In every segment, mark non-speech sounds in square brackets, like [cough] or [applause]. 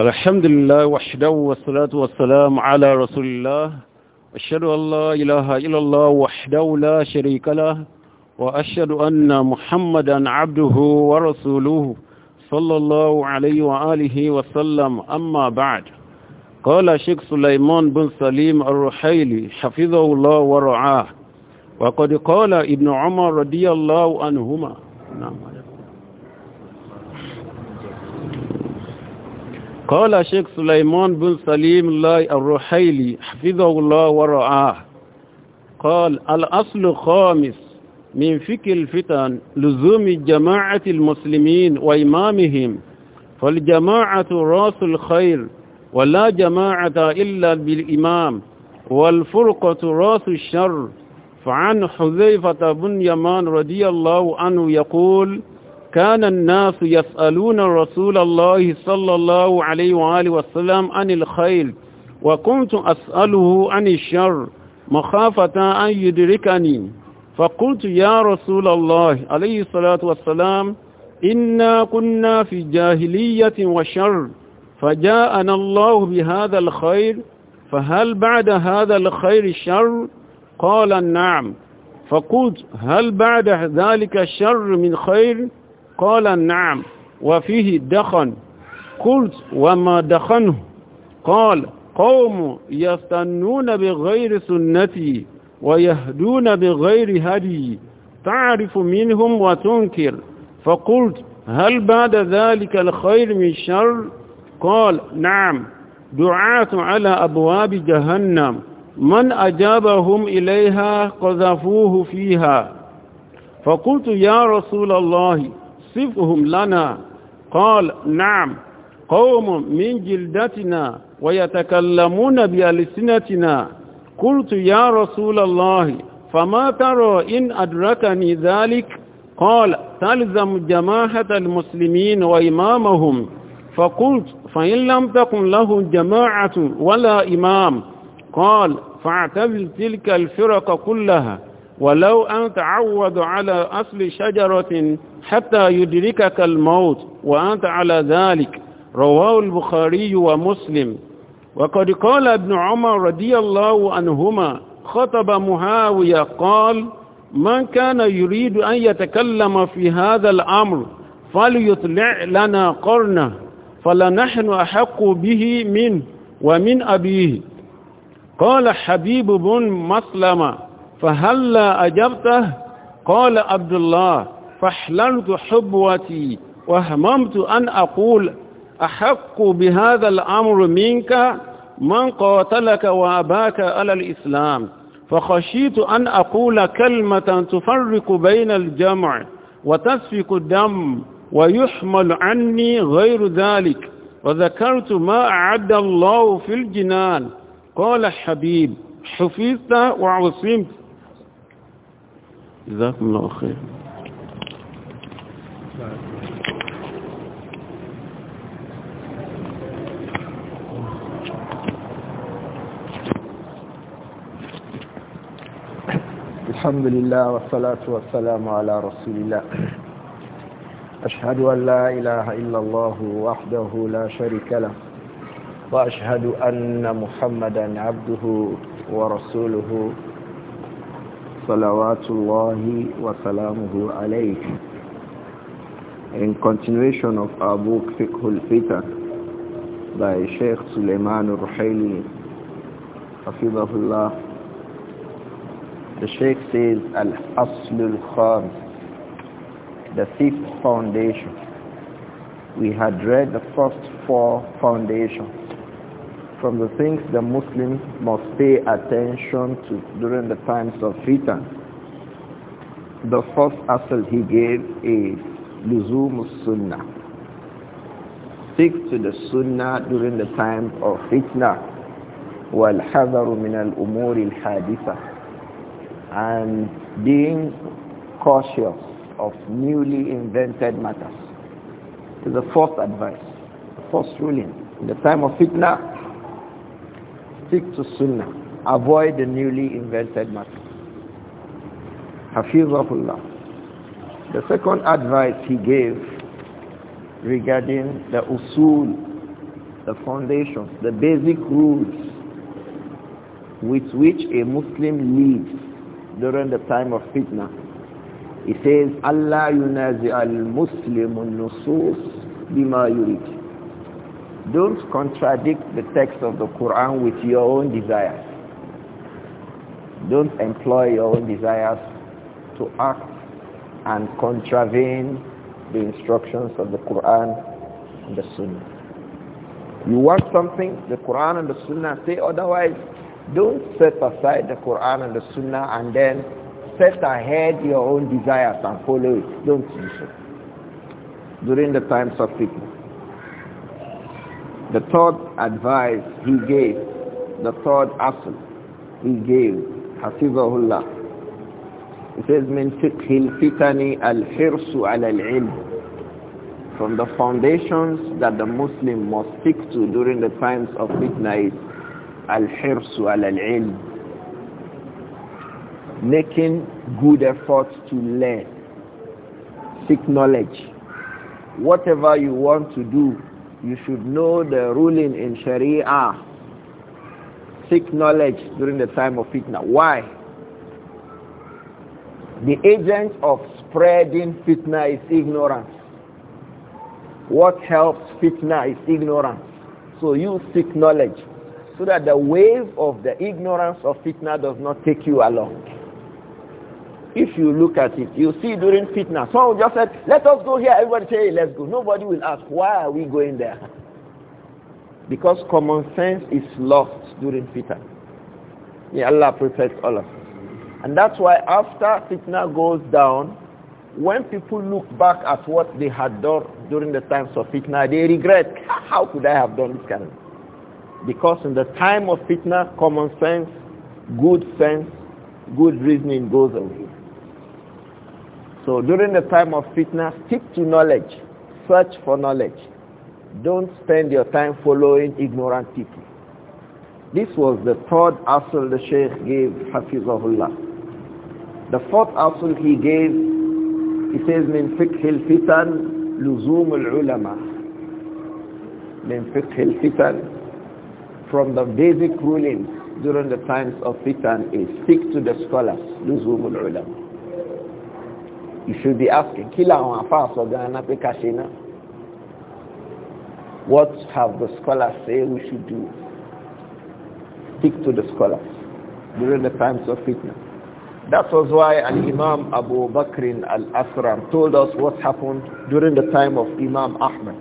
الحمد لله وحده والصلاة والسلام على رسول الله أشهد أن لا إله إلا الله وحده لا شريك له وأشهد أن محمدا عبده ورسوله صلى الله عليه وآله وسلم أما بعد قال شيخ سليمان بن سليم الرحيلي حفظه الله ورعاه وقد قال ابن عمر رضي الله عنهما نعم قال الشيخ سليمان بن سليم الله الرحيلي حفظه الله ورعاه قال الأصل الخامس من فكر الفتن لزوم جماعة المسلمين وإمامهم فالجماعة راس الخير ولا جماعة إلا بالإمام والفرقة راس الشر فعن حذيفة بن يمان رضي الله عنه يقول كان الناس يسألون رسول الله صلى الله عليه وآله وسلم عن الخير وكنت أسأله عن الشر مخافة أن يدركني فقلت يا رسول الله عليه الصلاة والسلام إنا كنا في جاهلية وشر فجاءنا الله بهذا الخير فهل بعد هذا الخير شر قال نعم فقلت هل بعد ذلك الشر من خير؟ قال نعم وفيه دخن قلت وما دخنه قال قوم يستنون بغير سنتي ويهدون بغير هدي تعرف منهم وتنكر فقلت هل بعد ذلك الخير من شر قال نعم دعاة على أبواب جهنم من أجابهم إليها قذفوه فيها فقلت يا رسول الله فوصفهم لنا قال نعم قوم من جلدتنا ويتكلمون بألسنتنا قلت يا رسول الله فما ترى إن أدركني ذلك قال تلزم جماعة المسلمين وإمامهم فقلت فإن لم تكن له جماعة ولا إمام قال فاعتزل تلك الفرق كلها ولو أن تعود على أصل شجرة حتى يدركك الموت وأنت على ذلك رواه البخاري ومسلم وقد قال ابن عمر رضي الله عنهما خطب مهاوية قال من كان يريد أن يتكلم في هذا الأمر فليطلع لنا قرنه فلنحن أحق به منه ومن أبيه قال حبيب بن مسلمة فهلا أجبته قال عبد الله فحللت حبوتي وهممت أن أقول أحق بهذا الأمر منك من قاتلك وأباك على الإسلام فخشيت أن أقول كلمة تفرق بين الجمع وتسفك الدم ويحمل عني غير ذلك وذكرت ما أعد الله في الجنان قال الحبيب حفظت وعصمت جزاكم الله خير الحمد لله والصلاة والسلام على رسول الله أشهد أن لا إله إلا الله وحده لا شريك له وأشهد أن محمدا عبده ورسوله صلوات الله وسلامه عليه In continuation of our book Fiqh al-Fitan by Sheikh Suleiman al-Ruhaili Hafizahullah The Sheikh says Al-Asl al-Khamis The fifth foundation We had read the first four foundations from the things the Muslims must pay attention to during the times of fitan. The first asal he gave is Luzum Sunnah. Stick to the Sunnah during the time of fitna. وَالْحَذَرُ مِنَ الْأُمُورِ الْحَادِثَةِ And being cautious of newly invented matters. It's the first advice, the first ruling. In the time of fitna, stick to sunnah avoid the newly invented matter hafizahullah the second advice he gave regarding the usul the foundations the basic rules with which a muslim lives during the time of fitna he says allah yunazi al muslim an-nusus bima yurid don't contradict the text of the Quran with your own desires. Don't employ your own desires to act and contravene the instructions of the Quran and the Sunnah. You want something, the Quran and the Sunnah say otherwise. Don't set aside the Quran and the Sunnah and then set ahead your own desires and follow it. Don't do so. During the times of people the third advice he gave, the third asl he gave, Hafizahullah. It says, من فقه الفتن الحرص على العلم from the foundations that the Muslim must stick to during the times of midnight, al-hirsu al making good efforts to learn seek knowledge whatever you want to do you should know the ruling in Sharia. Seek knowledge during the time of fitna. Why? The agent of spreading fitna is ignorance. What helps fitna is ignorance. So you seek knowledge so that the wave of the ignorance of fitna does not take you along. If you look at it, you see during fitna, someone just said, let us go here. Everybody say, let's go. Nobody will ask, why are we going there? [laughs] Because common sense is lost during fitna. May Allah protect all of us. And that's why after fitna goes down, when people look back at what they had done during the times of fitna, they regret, how could I have done this kind of thing? Because in the time of fitna, common sense, good sense, good reasoning goes away. So during the time of fitna, stick to knowledge. Search for knowledge. Don't spend your time following ignorant people. This was the third asl the Shaykh gave Hafizahullah. The fourth asl he gave, he says, من فقه الفتن لزوم العلماء. من فقه الفتن from the basic rulings during the times of fitan is stick to the scholars, لزوم العلماء you should be asking, "Kila lawon làwọn pé What have the scholars say we should do? Stick to the scholars during the times of fitna. That was why an imam Abu Bakr Al-Asram told us what happened during the time of Imam Ahmad.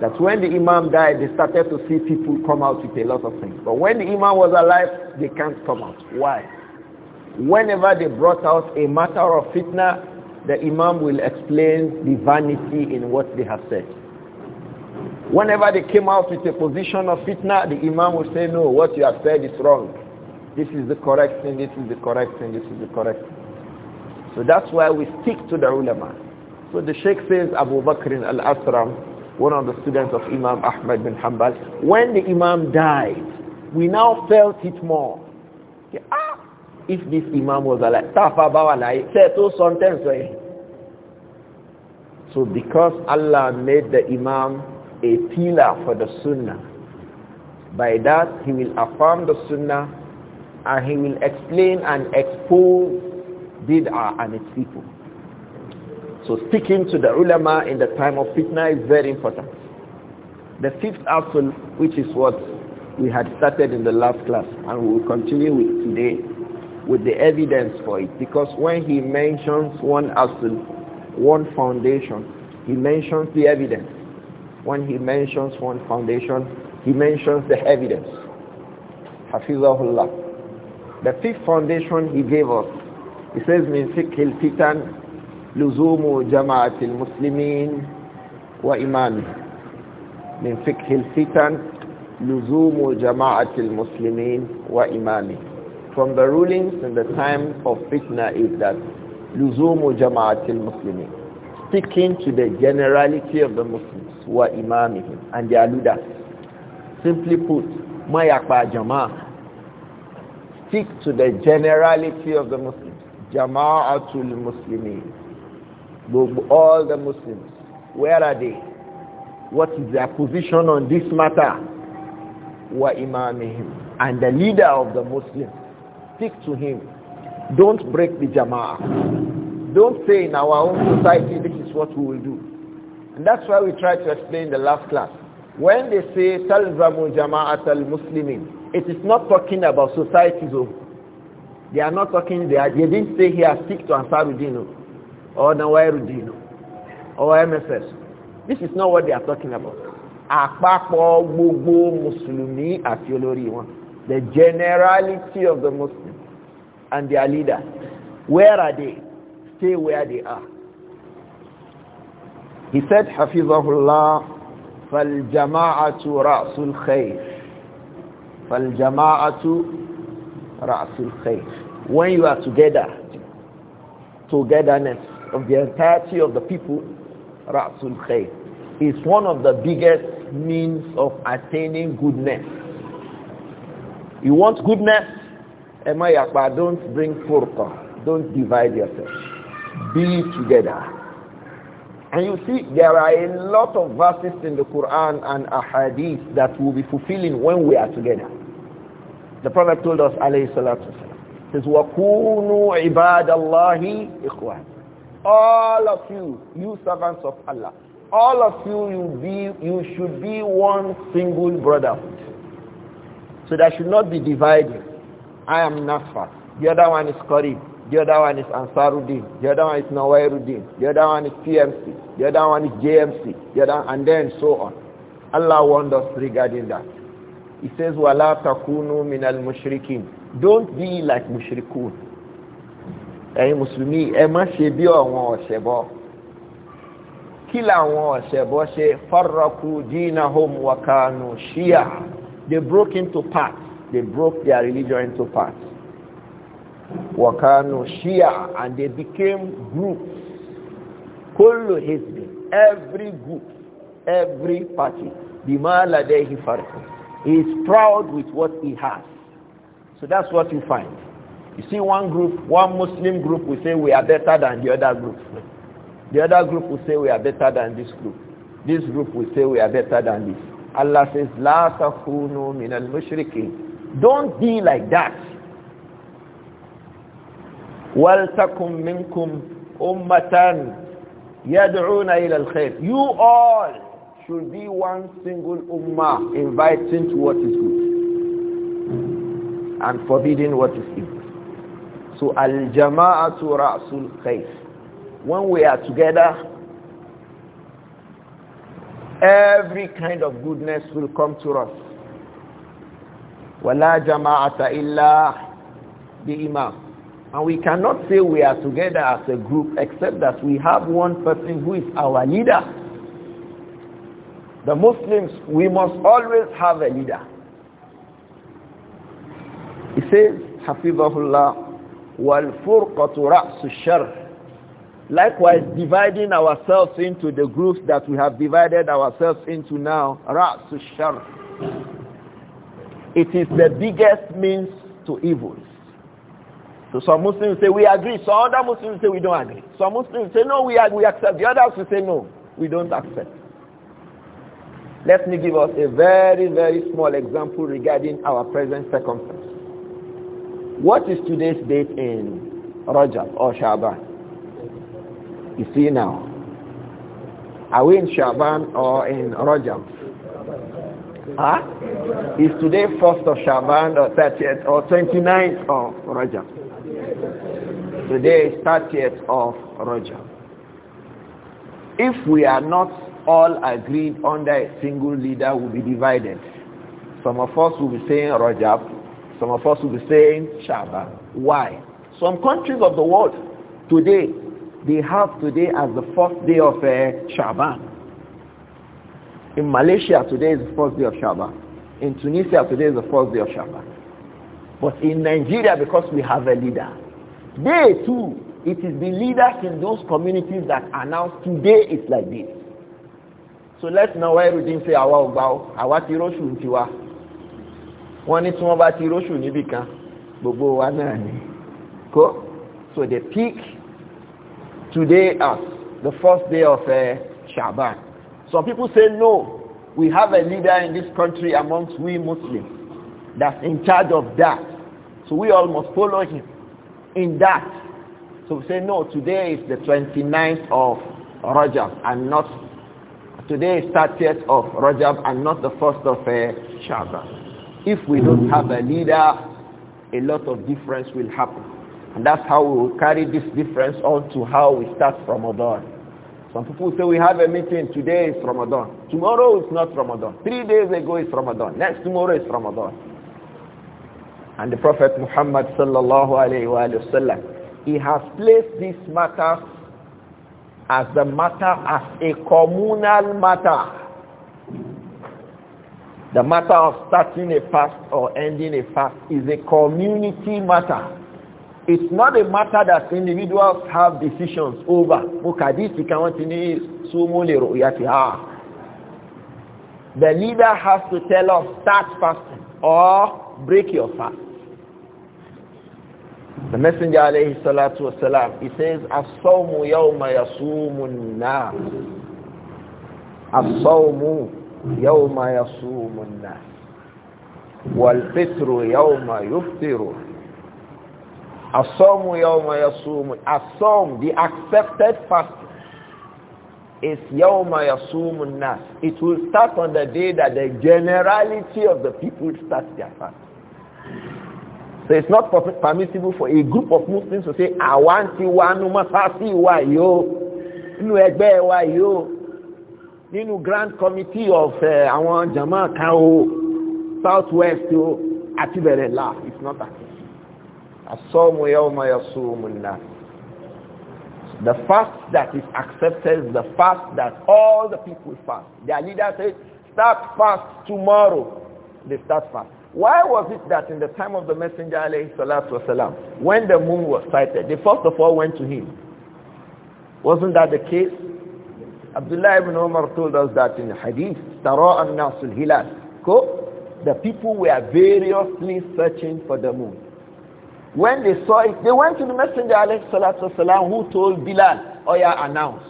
That when the Imam died, they started to see people come out with a lot of things. But when the Imam was alive, they can't come out. Why? whenever they brought out a matter of fitna the imam will explain the vanity in what they have said whenever they came out with a position of fitna the imam will say no what you have said is wrong this is the correct thing this is the correct thing this is the correct thing so that's why we stick to the ulama so the sheikh says abu bakr al-asram one of the students of imam ahmad bin hanbal when the imam died we now felt it more okay, if this imam was alive tafa bawalai say two sentences so because Allah made the imam a pillar for the sunnah by that he will affirm the sunnah and he will explain and expose bid'ah and its people so sticking to the ulama in the time of fitna is very important the fifth asul which is what we had started in the last class and we will continue with today with the evidence for it because when he mentions one asl, one foundation, he mentions the evidence. When he mentions one foundation, he mentions the evidence. Hafizahullah. The fifth foundation he gave us, he says, من فقه الفتن لزوم جماعة المسلمين وإيمانهم من فقه الفتن لزوم جماعة المسلمين وإيمانهم from the rulings in the time of fitna is that لزوم Jamaatil Muslimi, speaking to the generality of the Muslims wa imamihim and their leaders simply put mayakpa jamaa speak to the generality of the Muslims al muslimin all the Muslims where are they what is their position on this matter wa imamihim and the leader of the Muslims Stick to him. Don't break the jama'ah. Don't say in our own society this is what we will do. And that's why we tried to explain the last class. When they say talzamu jama'at al-muslimin, it is not talking about societies. Oh. They are not talking, they, are, they didn't say here stick to Ansarudino oh. or Nawairudino oh. or MSS. This is not what they are talking about. Àpapọ̀ gbogbo Mùsùlùmí àti olórí wọn the generality of the Muslims and their leader. Where are they? Stay where they are. He said, اللَّهُ فَالْجَمَاعَةُ رَأْسُ الْخَيْرِ فَالْجَمَاعَةُ رَأْسُ الْخَيْرِ When you are together, togetherness of the entirety of the people, رَأْسُ الْخَيْرِ is one of the biggest means of attaining goodness. You want goodness? Emayakpa, don't bring furqa. Don't divide yourself. Be together. And you see, there are a lot of verses in the Quran and ahadith that will be fulfilling when we are together. The Prophet told us, alayhi salatu wasalam, says, وَكُونُوا عِبَادَ اللَّهِ إِخْوَانِ All of you, you servants of Allah, all of you, you, be, you should be one single brotherhood. So there should not be dividing. I am Nasfa. The other one is Qarib. The other one is Ansaruddin. The other one is Nawairuddin. The other one is PMC. The other one is JMC. The other, and then so on. Allah warned us regarding that. He says, وَلَا تَكُونُوا مِنَ الْمُشْرِكِينَ Don't be like mushrikun. Eh, Muslimi, eh, má ṣe bí àwọn ọ̀ṣẹ̀bọ. Kí làwọn ọ̀ṣẹ̀bọ ṣe? فَرَّقُوا wa وَكَانُوا شِيَعًا they broke into parts. They broke their religion into parts. Wakano Shia and they became groups. Kullu Hizbi, every group, every party. Bima ladehi farqun. He is proud with what he has. So that's what you find. You see one group, one Muslim group will say we are better than the other group. The other group will say we are better than this group. This group will say we are better than this. Allah says, La takunu min al mushrikin. Don't be like that. Waltakum minkum ummatan yad'una ila al-khair. You all should be one single ummah inviting to what is good and forbidding what is evil. So al-jama'atu ra'sul khair. When we are together, every kind of goodness will come to us wala jama'ata illa the imam and we cannot say we are together as a group except that we have one person who is our leader the muslims we must always have a leader he says hafizahullah wal furqatu ra'su shar Likewise, dividing ourselves into the groups that we have divided ourselves into now, Ra'su Shar. It is the biggest means to evils. So some Muslims say we agree, some other Muslims say we don't agree. Some Muslims say no, we, we accept. The others will say no, we don't accept. Let me give us a very, very small example regarding our present circumstance. What is today's date in Rajab or Shaban? You see now. Are we in Shaban or in Rajab? Huh? Is today 1st of Shaban or 30th or 29th of Rajab? Today is 30th of Rajab. If we are not all agreed under a single leader, we'll be divided. Some of us will be saying Rajab, some of us will be saying Shaban. Why? Some countries of the world today they have today as the first day of uh, Shaban. In Malaysia, today is the first day of Shaban. In Tunisia, today is the first day of Shaban. But in Nigeria, because we have a leader, they too, it is the leaders in those communities that announce today is like this. So let's now why we didn't say àwa ò gbà àwa ti róṣù tiwa. Wọ́n ní tí wọ́n bá ti won ni. Kó so the peak today as the first day of uh, Shaban. Some people say, no, we have a leader in this country amongst we Muslims that's in charge of that. So we all must follow him in that. So we say, no, today is the 29th of Rajab and not, today is 30th of Rajab and not the first of uh, Shaban. If we don't have a leader, a lot of difference will happen. And that's how we will carry this difference on to how we start Ramadan. Some people say we have a meeting, today is Ramadan. Tomorrow is not Ramadan. Three days ago is Ramadan. Next tomorrow is Ramadan. And the Prophet Muhammad sallallahu alayhi wa sallam, he has placed this matter as the matter as a communal matter the matter of starting a fast or ending a fast is a community matter it's not a matter that individuals have decisions over. Ah. The leader has to tell us start fasting or break your fast. The Messenger alayhi salatu wasalam, he says, As-sawmu yawma yasumun nas. As-sawmu yawma yasumun nas. Wal-fitru yawma yuftiru. Asom yawma yasum. Asom, the accepted fast is yawma yasum nas. It will start on the day that the generality of the people start their fast. So it's not permissible for a group of Muslims to say, I want you, I want you, nínú ẹgbẹ́ wa you? You know, grand committee of eh, àwọn jama kan o Southwest. You achieve àti bẹ̀rẹ̀ la it's not that as-sawmu yawma nas. The fast that is accepted is the fast that all the people fast. Their leader said, start fast tomorrow. They start fast. Why was it that in the time of the Messenger alayhi salatu wasalam, when the moon was sighted, they first of all went to him? Wasn't that the case? Abdullah ibn Umar told us that in hadith, Tara al-Nasul Hilal. The people were variously searching for the moon. When they saw it, they went to the Messenger والسلام, who told Bilal, Oya, oh yeah, announce.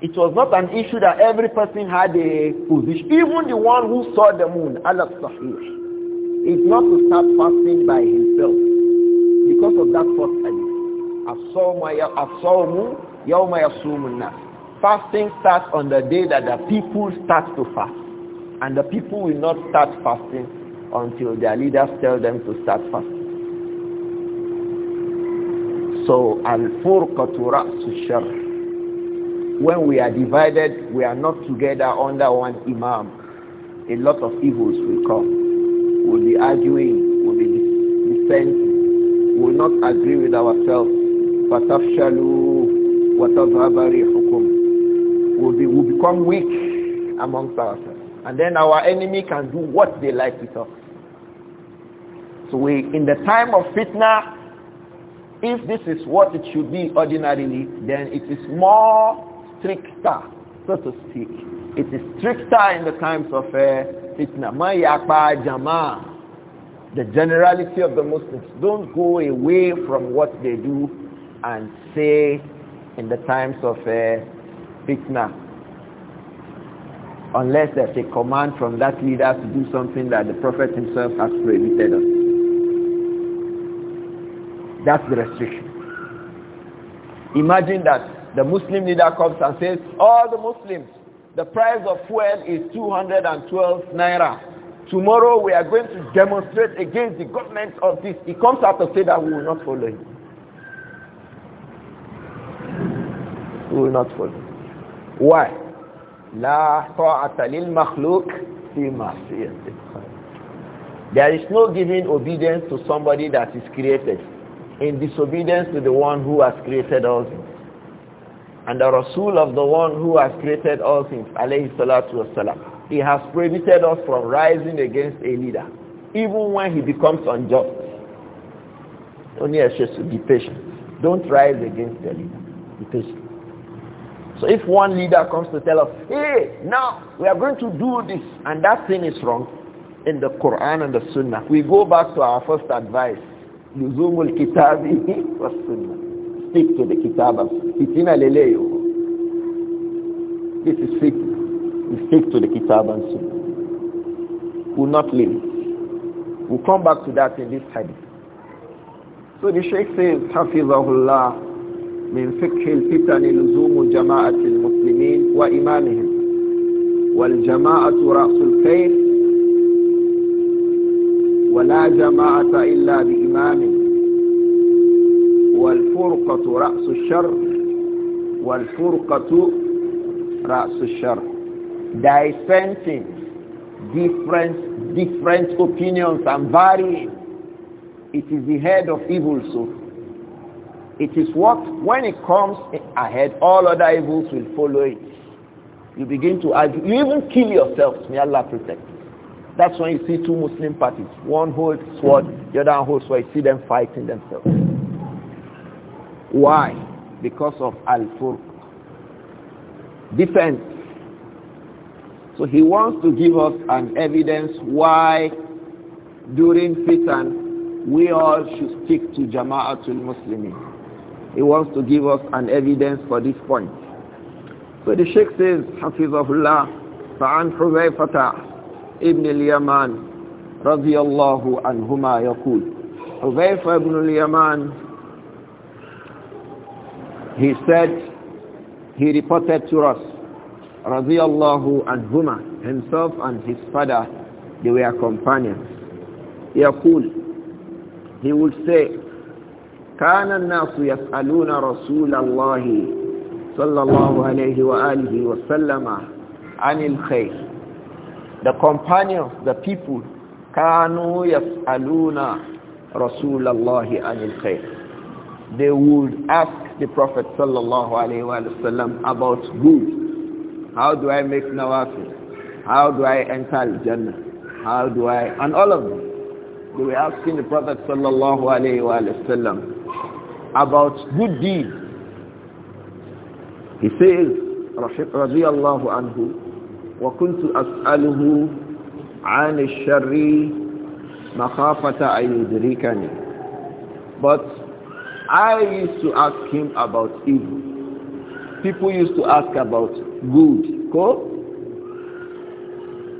It was not an issue that every person had a position. Even the one who saw the moon, Allah Sahih, is not to start fasting by himself because of that first hadith. Fasting starts on the day that the people start to fast. And the people will not start fasting until their leaders tell them to start fasting. So al-furqatu ra'su shar. When we are divided, we are not together under one imam. A lot of evils will come. We'll be arguing, we'll be dissenting, we'll not agree with ourselves. فَتَفْشَلُوا رِيحُكُمْ we'll, be, we'll become weak amongst ourselves. And then our enemy can do what they like with us. So we, in the time of fitna, if this is what it should be ordinarily, then it is more stricter, so to speak. It is stricter in the times of uh, fitna. Uh, jama. The generality of the Muslims don't go away from what they do and say in the times of uh, fitna unless there's a command from that leader to do something that the prophet himself has prohibited us. That's the restriction. Imagine that the Muslim leader comes and says, all the Muslims, the price of fuel is 212 naira. Tomorrow we are going to demonstrate against the government of this. He comes out to say that we will not follow him. We will not follow him. Why? La ta'ata lil makhluk fi There is no giving obedience to somebody that is created in disobedience to the one who has created all things. And the Rasul of the one who has created all things, alayhi salatu wasalam, he has prohibited us from rising against a leader, even when he becomes unjust. Only I to be patient. Don't rise against the leader. Be patient. So if one leader comes to tell us, hey, now we are going to do this, and that thing is wrong in the Quran and the Sunnah, we go back to our first advice. لزوم الكتاب والسنة stick to the kitab fitina leleyo this is fitna we to the kitab والسنة sunnah will not leave we'll come back to that in this hadith so the sheikh says الله من فقه الفتن لزوم جماعة المسلمين وإمامهم والجماعة رأس الخير ولا جماعة إلا بإمامهم إمام والفرقة رأس الشر والفرقة رأس الشر dissensing different different opinions and varying it is the head of evil so it is what when it comes ahead all other evils will follow it you begin to argue you even kill yourself may Allah protect that's when you see two Muslim parties. One holds sword, the other holds sword. You see them fighting themselves. Why? Because of Al-Furq. Defense. So he wants to give us an evidence why during fitan we all should stick to Jama'atul Muslimin. He wants to give us an evidence for this point. So the Sheikh says, of Allah, فعن حذيفة ابن اليمان رضي الله عنهما يقول حذيفة ابن اليمان he said he reported to us رضي الله عنهما himself and his father they were companions يقول he would say كان الناس يسألون رسول الله صلى الله عليه وآله وسلم عن الخير the companions the people kanu yas'aluna rasulullah anil khair they would ask the prophet sallallahu alaihi wasallam about good how do i make nawafil how do i enter jannah how do i and all of them they were asking the prophet sallallahu alaihi wasallam about good deeds he says radiyallahu anhu وكنت أسأله عن الشر أن يدركني but I used to ask him about evil people used to ask about good ko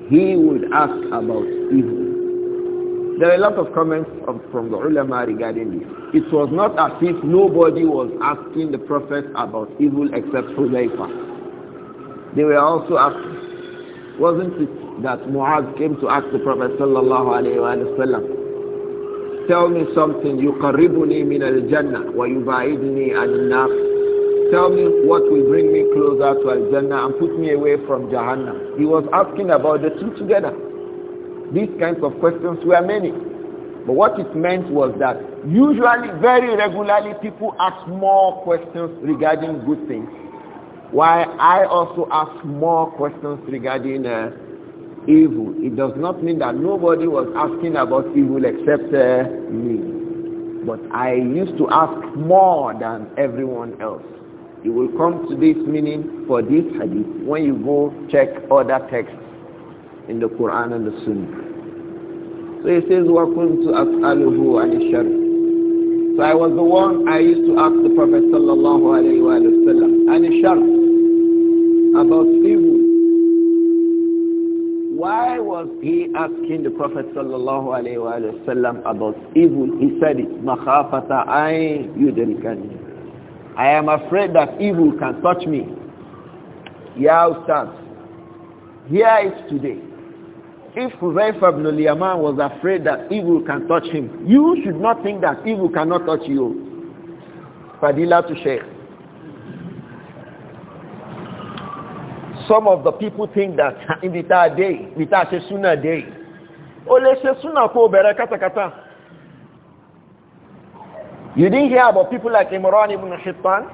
he would ask about evil there are a lot of comments from the ulama regarding this it was not as if nobody was asking the prophet about evil except Hudayfa they were also asking wasn't it that Muaz came to ask the Prophet sallallahu alayhi wa sallam, tell me something, yuqarribuni min al-jannah wa yubaidni an-nar. Tell me what will bring me closer to al-jannah and put me away from jahannam. He was asking about the two together. These kinds of questions were many. But what it meant was that usually, very regularly, people ask more questions regarding good things why I also ask more questions regarding uh, evil. It does not mean that nobody was asking about evil except uh, me. But I used to ask more than everyone else. You will come to this meaning for this hadith when you go check other texts in the Quran and the Sunnah. So he says, وَكُنْتُ أَسْأَلُهُ عَنِ Sharif." so I was the one I used to ask the Prophet sallallahu alayhi wa sallam, and about evil. Why was he asking the Prophet sallallahu alaihi wasallam about evil? He said it, makhafata ay yudrikani. I am afraid that evil can touch me. Yeah, Ustaz. Here is today. If Huzaifa ibn al-Yaman was afraid that evil can touch him, you should not think that evil cannot touch you. Fadila to Sheikh. some of the people think that bita dey day, ṣe súnà day. ó lè ṣe súnà kó bẹ̀rẹ̀ kátàkátà you didn't hear about people like Imran ibn Hittan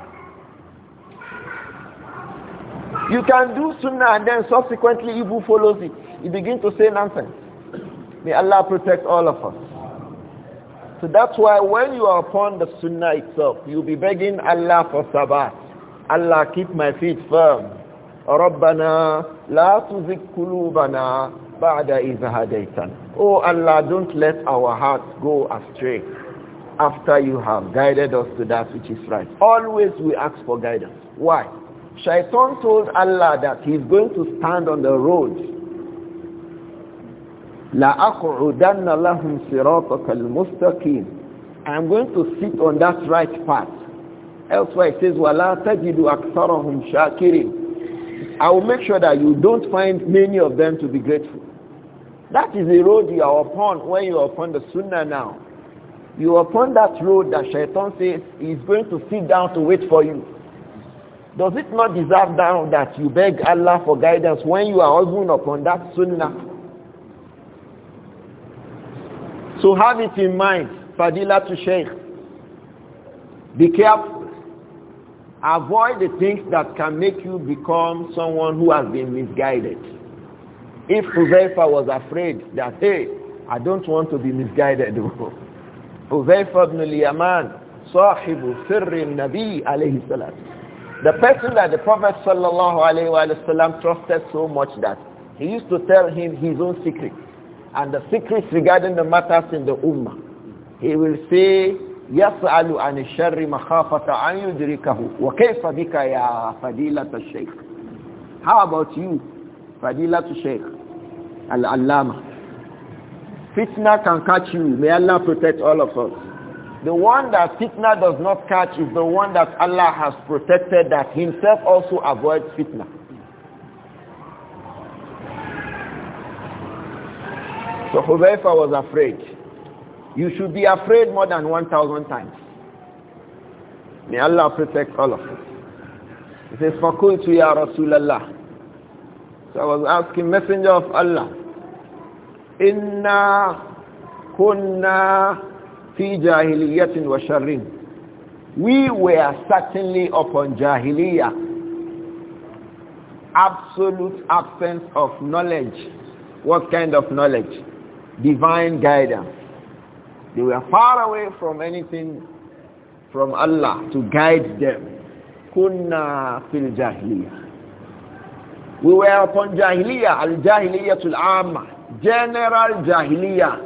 you can do sunnah and then subsequently evil follows it you begin to say nonsense may Allah protect all of us so that's why when you are upon the sunnah itself you'll be begging Allah for sabah. Allah keep my feet firm ربنا لا تزغ قلوبنا بعد إذ هديتنا Oh Allah, don't let our hearts go astray after you have guided us to that which is right. Always we ask for guidance. Why? Shaitan told Allah that he's going to stand on the road. الْمُسْتَقِيمِ I'm going to sit on that right path. Elsewhere it says, "Wala تَجِدُ أَكْثَرَهُمْ shakirin." I will make sure that you don't find many of them to be grateful. That is the road you are upon when you are upon the sunnah now. You are upon that road that shaitan says is going to sit down to wait for you. Does it not deserve now that you beg Allah for guidance when you are even upon that sunnah? So have it in mind, Fadila to Shaykh. Be careful Avoid the things that can make you become someone who has been misguided. If Huzaifa was afraid that, hey, I don't want to be misguided. [laughs] Huzaifa ibn al-Yaman, sahibu sirri nabi alayhi salam. The person that the Prophet sallallahu alayhi wa sallam trusted so much that he used to tell him his own secrets and the secrets regarding the matters in the Ummah. He will say, يسأل عن الشر مخافة أن يدركه وكيف بك يا فضيلة الشيخ How about you فضيلة الشيخ allama Fitna can catch you. May Allah protect all of us. The one that fitna does not catch is the one that Allah has protected that himself also avoids fitna. So Hudayfa was afraid. You should be afraid more than 1,000 times. May Allah protect all of us. He says, فَقُلْتُ يَا رَسُولَ اللَّهِ So I was asking, Messenger of Allah, إِنَّا كُنَّا فِي جَاهِلِيَّةٍ وَشَرٍ We were certainly upon jahiliyyah. absolute absence of knowledge. What kind of knowledge? Divine guidance. They were far away from anything from Allah to guide them. Kunna fil jahiliyah. We were upon jahiliyah al jahiliyah tul amma, general jahiliyah.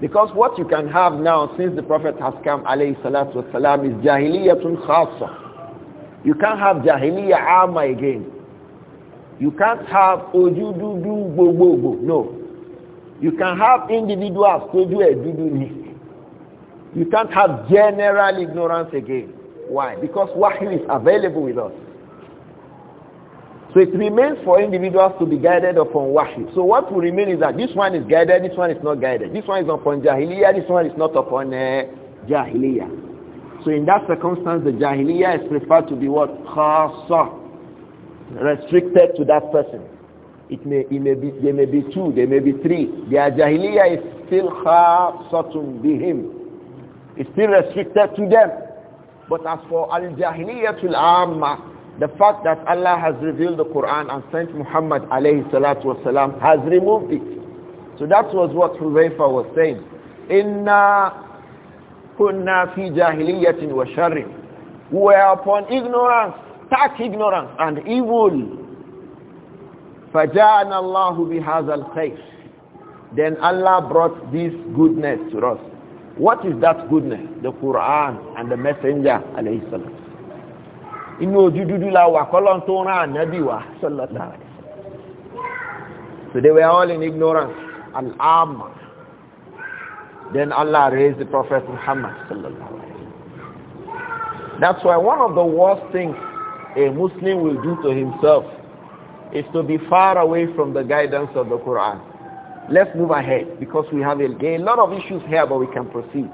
Because what you can have now since the Prophet has come alayhi salatu wasalam is jahiliyatun khasa. You can't have jahiliyah amma again. You can't have ojududu gbogbogbò. No. You can have individuals tojú ẹ̀ ni. You can't have general ignorance again. Why? Because wahyu is available with us. So it remains for individuals to be guided upon wahyu. So what will remain is that this one is guided, this one is not guided. This one is upon jahiliyyah, this one is not upon uh, jahiliyyah. So in that circumstance, the jahiliyyah is preferred to be what? Khasa. Restricted to that person. It may, it may be, there may be two, there may be three. Their jahiliyyah is still khasatun bihim. It's still restricted to them. But as for al-jahiliyatul amma, the fact that Allah has revealed the Quran and sent Muhammad alayhi salatu wasalam has removed it. So that was what Huzaifa was saying. Inna kunna fi jahiliyatin wa sharrin. We were upon ignorance, stark ignorance and evil. Allahu bi بِهَذَا kheish. Then Allah brought this goodness to us. What is that goodness? The Quran and the Messenger alayhi salam. Inú ojú dúdú la wà kọ́lọ́n tó rán wa sallallahu alayhi So they were all in ignorance. and amma Then Allah raised the Prophet Muhammad sallallahu alayhi That's why one of the worst things a Muslim will do to himself is to be far away from the guidance of the Quran. Let's move ahead because we have again a lot of issues here but we can proceed.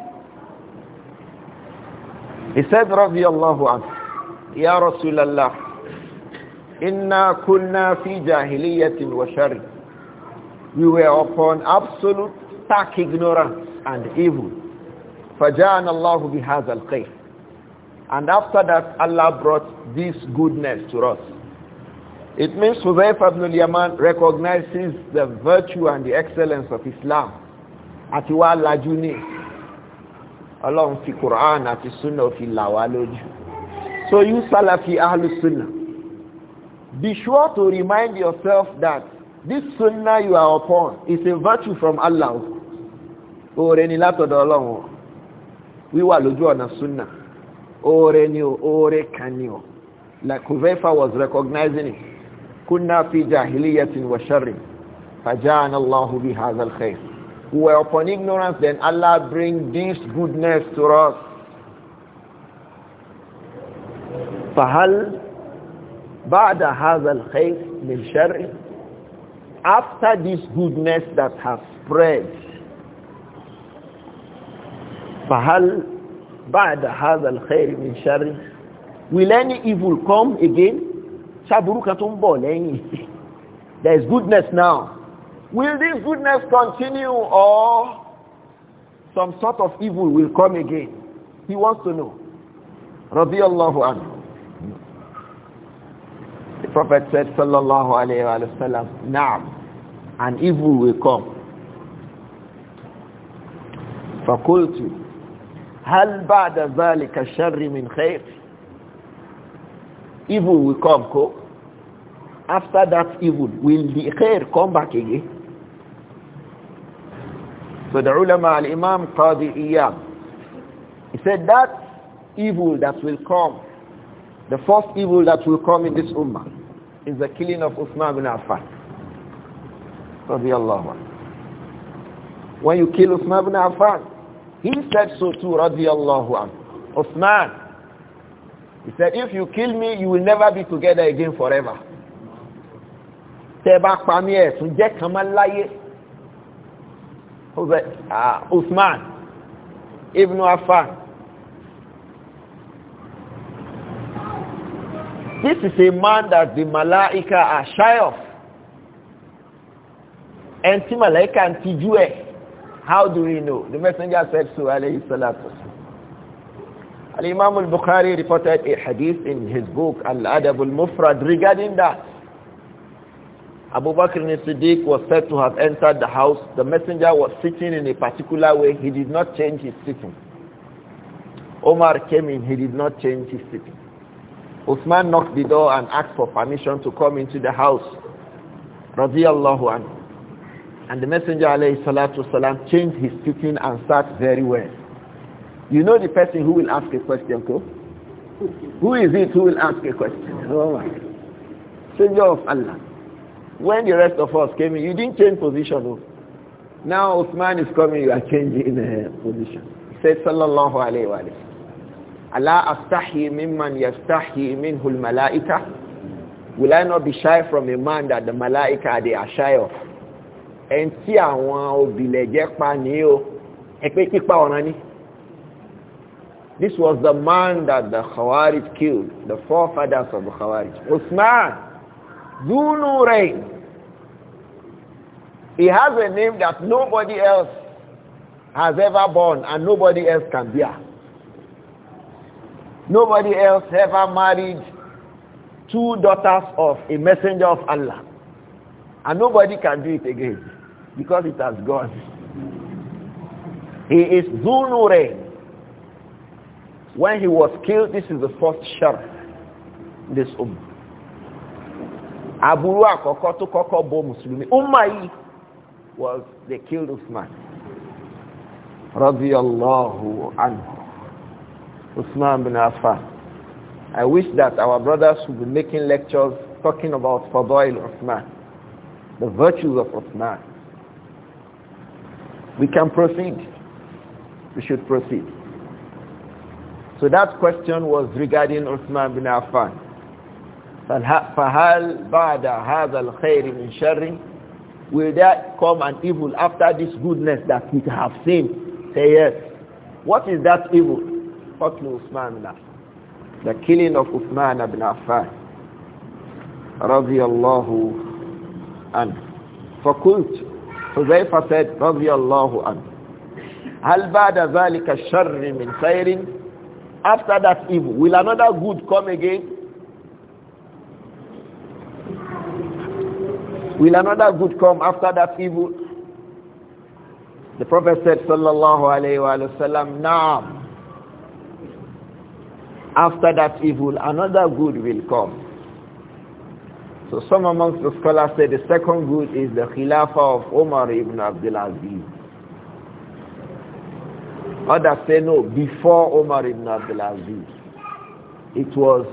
He said رضي الله عنه يا رسول الله إنا كنا في جاهلية We were upon absolute stark ignorance and evil. allah الله بهذا الخير And after that Allah brought this goodness to us. It means Hudhaifa ibn al-Yaman recognizes the virtue and the excellence of Islam. atiwa lajuni. along fi Quran àti Sunnah fi là So you Salafi Ahlus Sunnah. Be sure to remind yourself that this Sunnah you are upon is a virtue from Allah. Oreni ni látọ̀dọ̀ We Wíwà lójú ọ̀nà Sunnah. Oore ni Like Hudhaifa was recognizing it. كنا في جاهلية وشر فجاءنا الله بهذا الخير we were upon ignorance then Allah bring this goodness to us فهل بعد هذا الخير من شر after this goodness that has spread فهل بعد هذا الخير من شر will any evil come again sáburú kan bọ̀ lẹ́yìn there is goodness now will this goodness continue or some sort of evil will come again he wants to know radiyallahu anhu the prophet said sallallahu alayhi wa sallam na'am an evil will come Qultu, هل بعد ذلك الشر من خير evil will come Go. after that evil will the khair come back again so the ulama al imam qadi iyam he said that evil that will come the first evil that will come in this ummah is the killing of Uthman bin Affan radiyallahu anhu when you kill Uthman bin Affan he said so too radiyallahu anhu Uthman he said, if you kill me, you will never be together again forever. Tẹ́ bá pa mí ẹ̀sùn jẹ́ kan máa láyé. Usman Ibn Affan. This is a man that the Malaika are shy of. And tí Malaika ń tijú How do we know? The messenger said so, alayhi salatu Al-Imam al-Bukhari reported a hadith in his book Al-Adab al-Mufrad regarding that. Abu Bakr al-Siddiq was said to have entered the house. The messenger was sitting in a particular way. He did not change his sitting. Omar came in. He did not change his sitting. Uthman knocked the door and asked for permission to come into the house. Radiallahu anhu. And the messenger alayhi salatu salam changed his sitting and sat very well. You know the person who will ask a question to? Who is it who will ask a question? [laughs] Oh Savior of Allah. When the rest of us came in, you didn't change position. Oh. Now Uthman is coming, you are changing uh, position. He said, Sallallahu alayhi wa alayhi. Allah astahi mimman yastahi minhu al-malaika. Will I not be shy from a man that the malaika they are shy of? Ẹn tí àwọn obìnrin jẹ́ pa ní o, ẹ pé kípa ọ̀ràn this was the man that the Khawarij killed, the forefathers of the Khawarij. Usman, Zunurain. He has a name that nobody else has ever born and nobody else can bear. Nobody else ever married two daughters of a messenger of Allah. And nobody can do it again because it has gone. He is Zunurain. When he was killed, this is the first shar this ummah. Aburú àkọ́kọ́ tó kọ́kọ́ bo Mùsùlùmí. Ummah was they killed Usman. Radiyallahu anhu. Usman bin Affan. I wish that our brothers would be making lectures talking about Fadail Uthman, the virtues of Uthman. We can proceed. We should proceed. So that question was regarding Uthman bin Affan. فَهَلْ بَعْدَ هَذَا الْخَيْرِ مِنْ شَرٍ Will there come an evil after this goodness that we have seen? Say yes. What is that evil? قتل Uthman bin Affan. The killing of Uthman bin Affan. رضي الله عنه فقلت حذيفة said رضي الله عنه هل بعد ذلك الشر من خير after that evil will another good come again will another good come after that evil the prophet said sallallahu alaihi wasallam naam after that evil another good will come so some amongst the scholars say the second good is the khilafah of Umar ibn Abdul Aziz Others say no, before Omar ibn Abdul Aziz, it was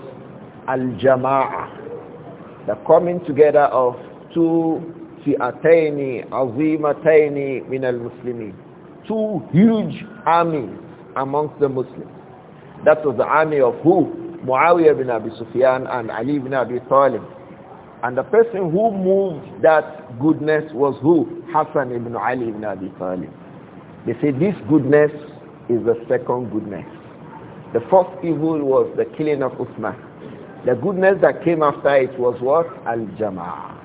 Al-Jama'ah, the coming together of two fi'ataini azimataini min al-muslimin, two huge armies amongst the Muslims. That was the army of who? Muawiyah Ibn Abi Sufyan and Ali Ibn Abi Talib. And the person who moved that goodness was who? Hassan ibn Ali ibn Abi Talib. They say this goodness is the second goodness. The first evil was the killing of Uthman. The goodness that came after it was what? Al-Jama'ah.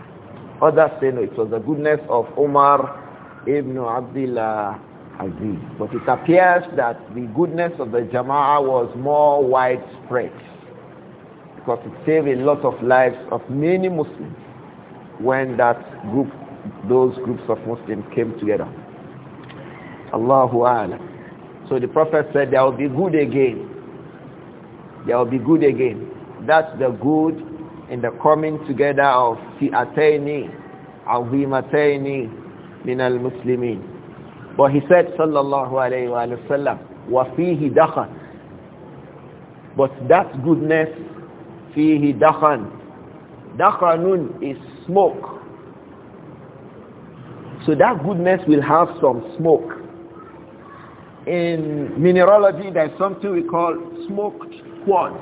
Others say no, it was the goodness of Omar ibn Abdullah Aziz. But it appears that the goodness of the Jama'ah was more widespread because it saved a lot of lives of many Muslims when that group, those groups of Muslims came together. Allahu Alam. So the prophet said there will be good again. There will be good again. That's the good in the coming together of fi'ataini, azimataini min al-muslimin. But he said sallallahu alayhi wa sallam, wa fihi dakhan. But that goodness, fihi dakhan. Dakhanun is smoke. So that goodness will have some smoke in mineralogy there's something we call smoked quartz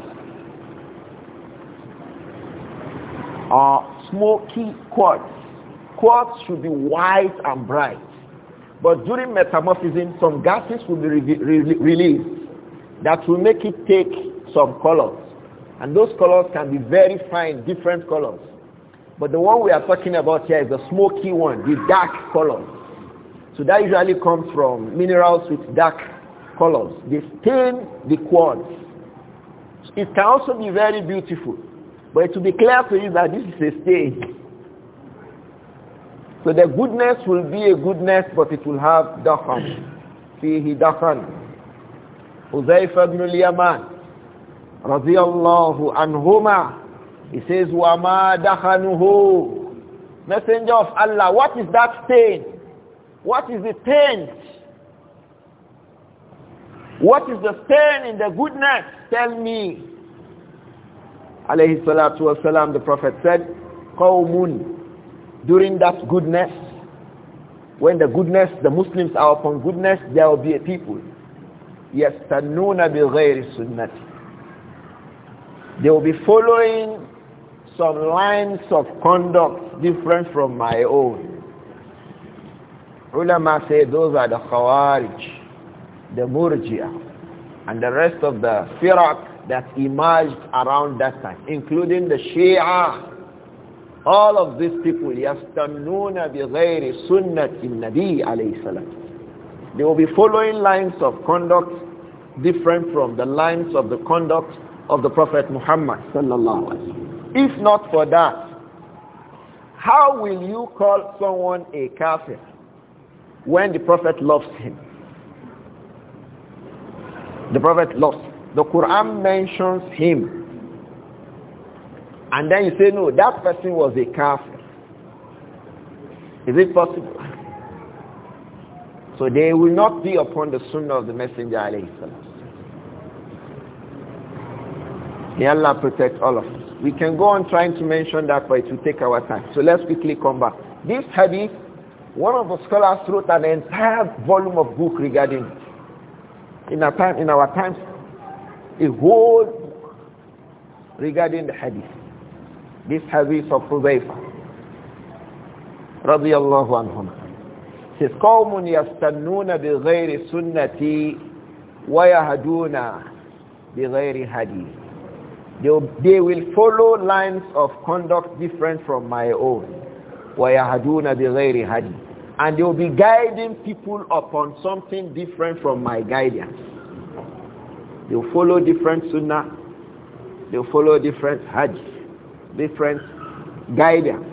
or uh, smoky quartz quartz should be white and bright but during metamorphism some gases will be re re released that will make it take some colors and those colors can be very fine different colors but the one we are talking about here is the smoky one the dark colors so that usually comes from minerals with dark colors. They stain the quartz. It can also be very beautiful. But to be clear to you that this is a stain. So the goodness will be a goodness, but it will have dakhan. فيه دخن حذيفة بن رضي الله عنهما he says وما دخنه messenger of Allah what is that stain what is the taint? What is the stain in the goodness? Tell me. Alayhi salatu wasalam, the Prophet said, Qawmun, during that goodness, when the goodness, the Muslims are upon goodness, there will be a people. يَسْتَنُّونَ بِغَيْرِ sunnati. They will be following some lines of conduct different from my own. Ulama say those are the Khawarij, the Murji'a, and the rest of the Firak that emerged around that time, including the Shia. All of these people, يَسْتَنُّونَ بِغَيْرِ sunnati Nabi عَلَيْهِ السَّلَامِ They will be following lines of conduct different from the lines of the conduct of the Prophet Muhammad sallallahu If not for that, how will you call someone a kafir? when the Prophet loves him. The Prophet loves. The Quran mentions him. And then you say, no, that person was a kafir. Is it possible? So they will not be upon the sunnah of the Messenger alayhi May Allah protect all of us. We can go on trying to mention that, but it will take our time. So let's quickly come back. This hadith one of the scholars wrote an entire volume of book regarding In our time, in our times, a whole book regarding the hadith. This hadith of Hudayfa. رضي الله عنهما says قوم يستنون بغير سنتي ويهدون بغير هدي they, they will follow lines of conduct different from my own وَيَهَدُونَ بِغَيْرِ هَدِي And they will be guiding people upon something different from my guidance. They will follow different sunnah, they will follow different hajj, different guidance.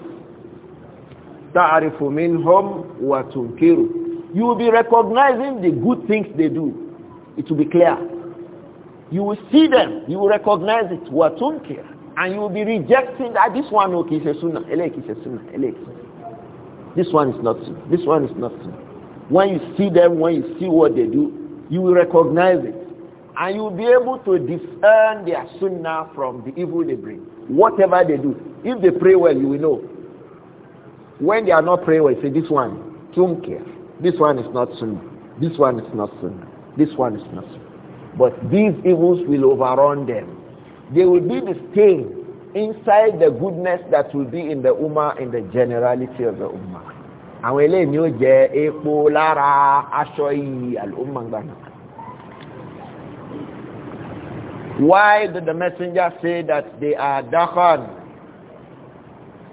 تَعْرِفُ مِنْهُمْ وَتُنْكِرُ You will be recognizing the good things they do. It will be clear. You will see them. You will recognize it. وَتُنْكِرُ and you will be rejecting that this one okay is a sunnah, elek is a sunnah, elek. This one is not sunnah, this one is not sunnah. When you see them, when you see what they do, you will recognize it. And you will be able to discern their sunnah from the evil they bring. Whatever they do. If they pray well, you will know. When they are not praying well, say this one, don't care. This one is not sunnah. This one is not sunnah. This one is not sunnah. But these evils will overrun them they will be the stain inside the goodness that will be in the ummah in the generality of the ummah àwọn ni ó jẹ epo lára yìí al-ummah why did the messenger say that they are dakhan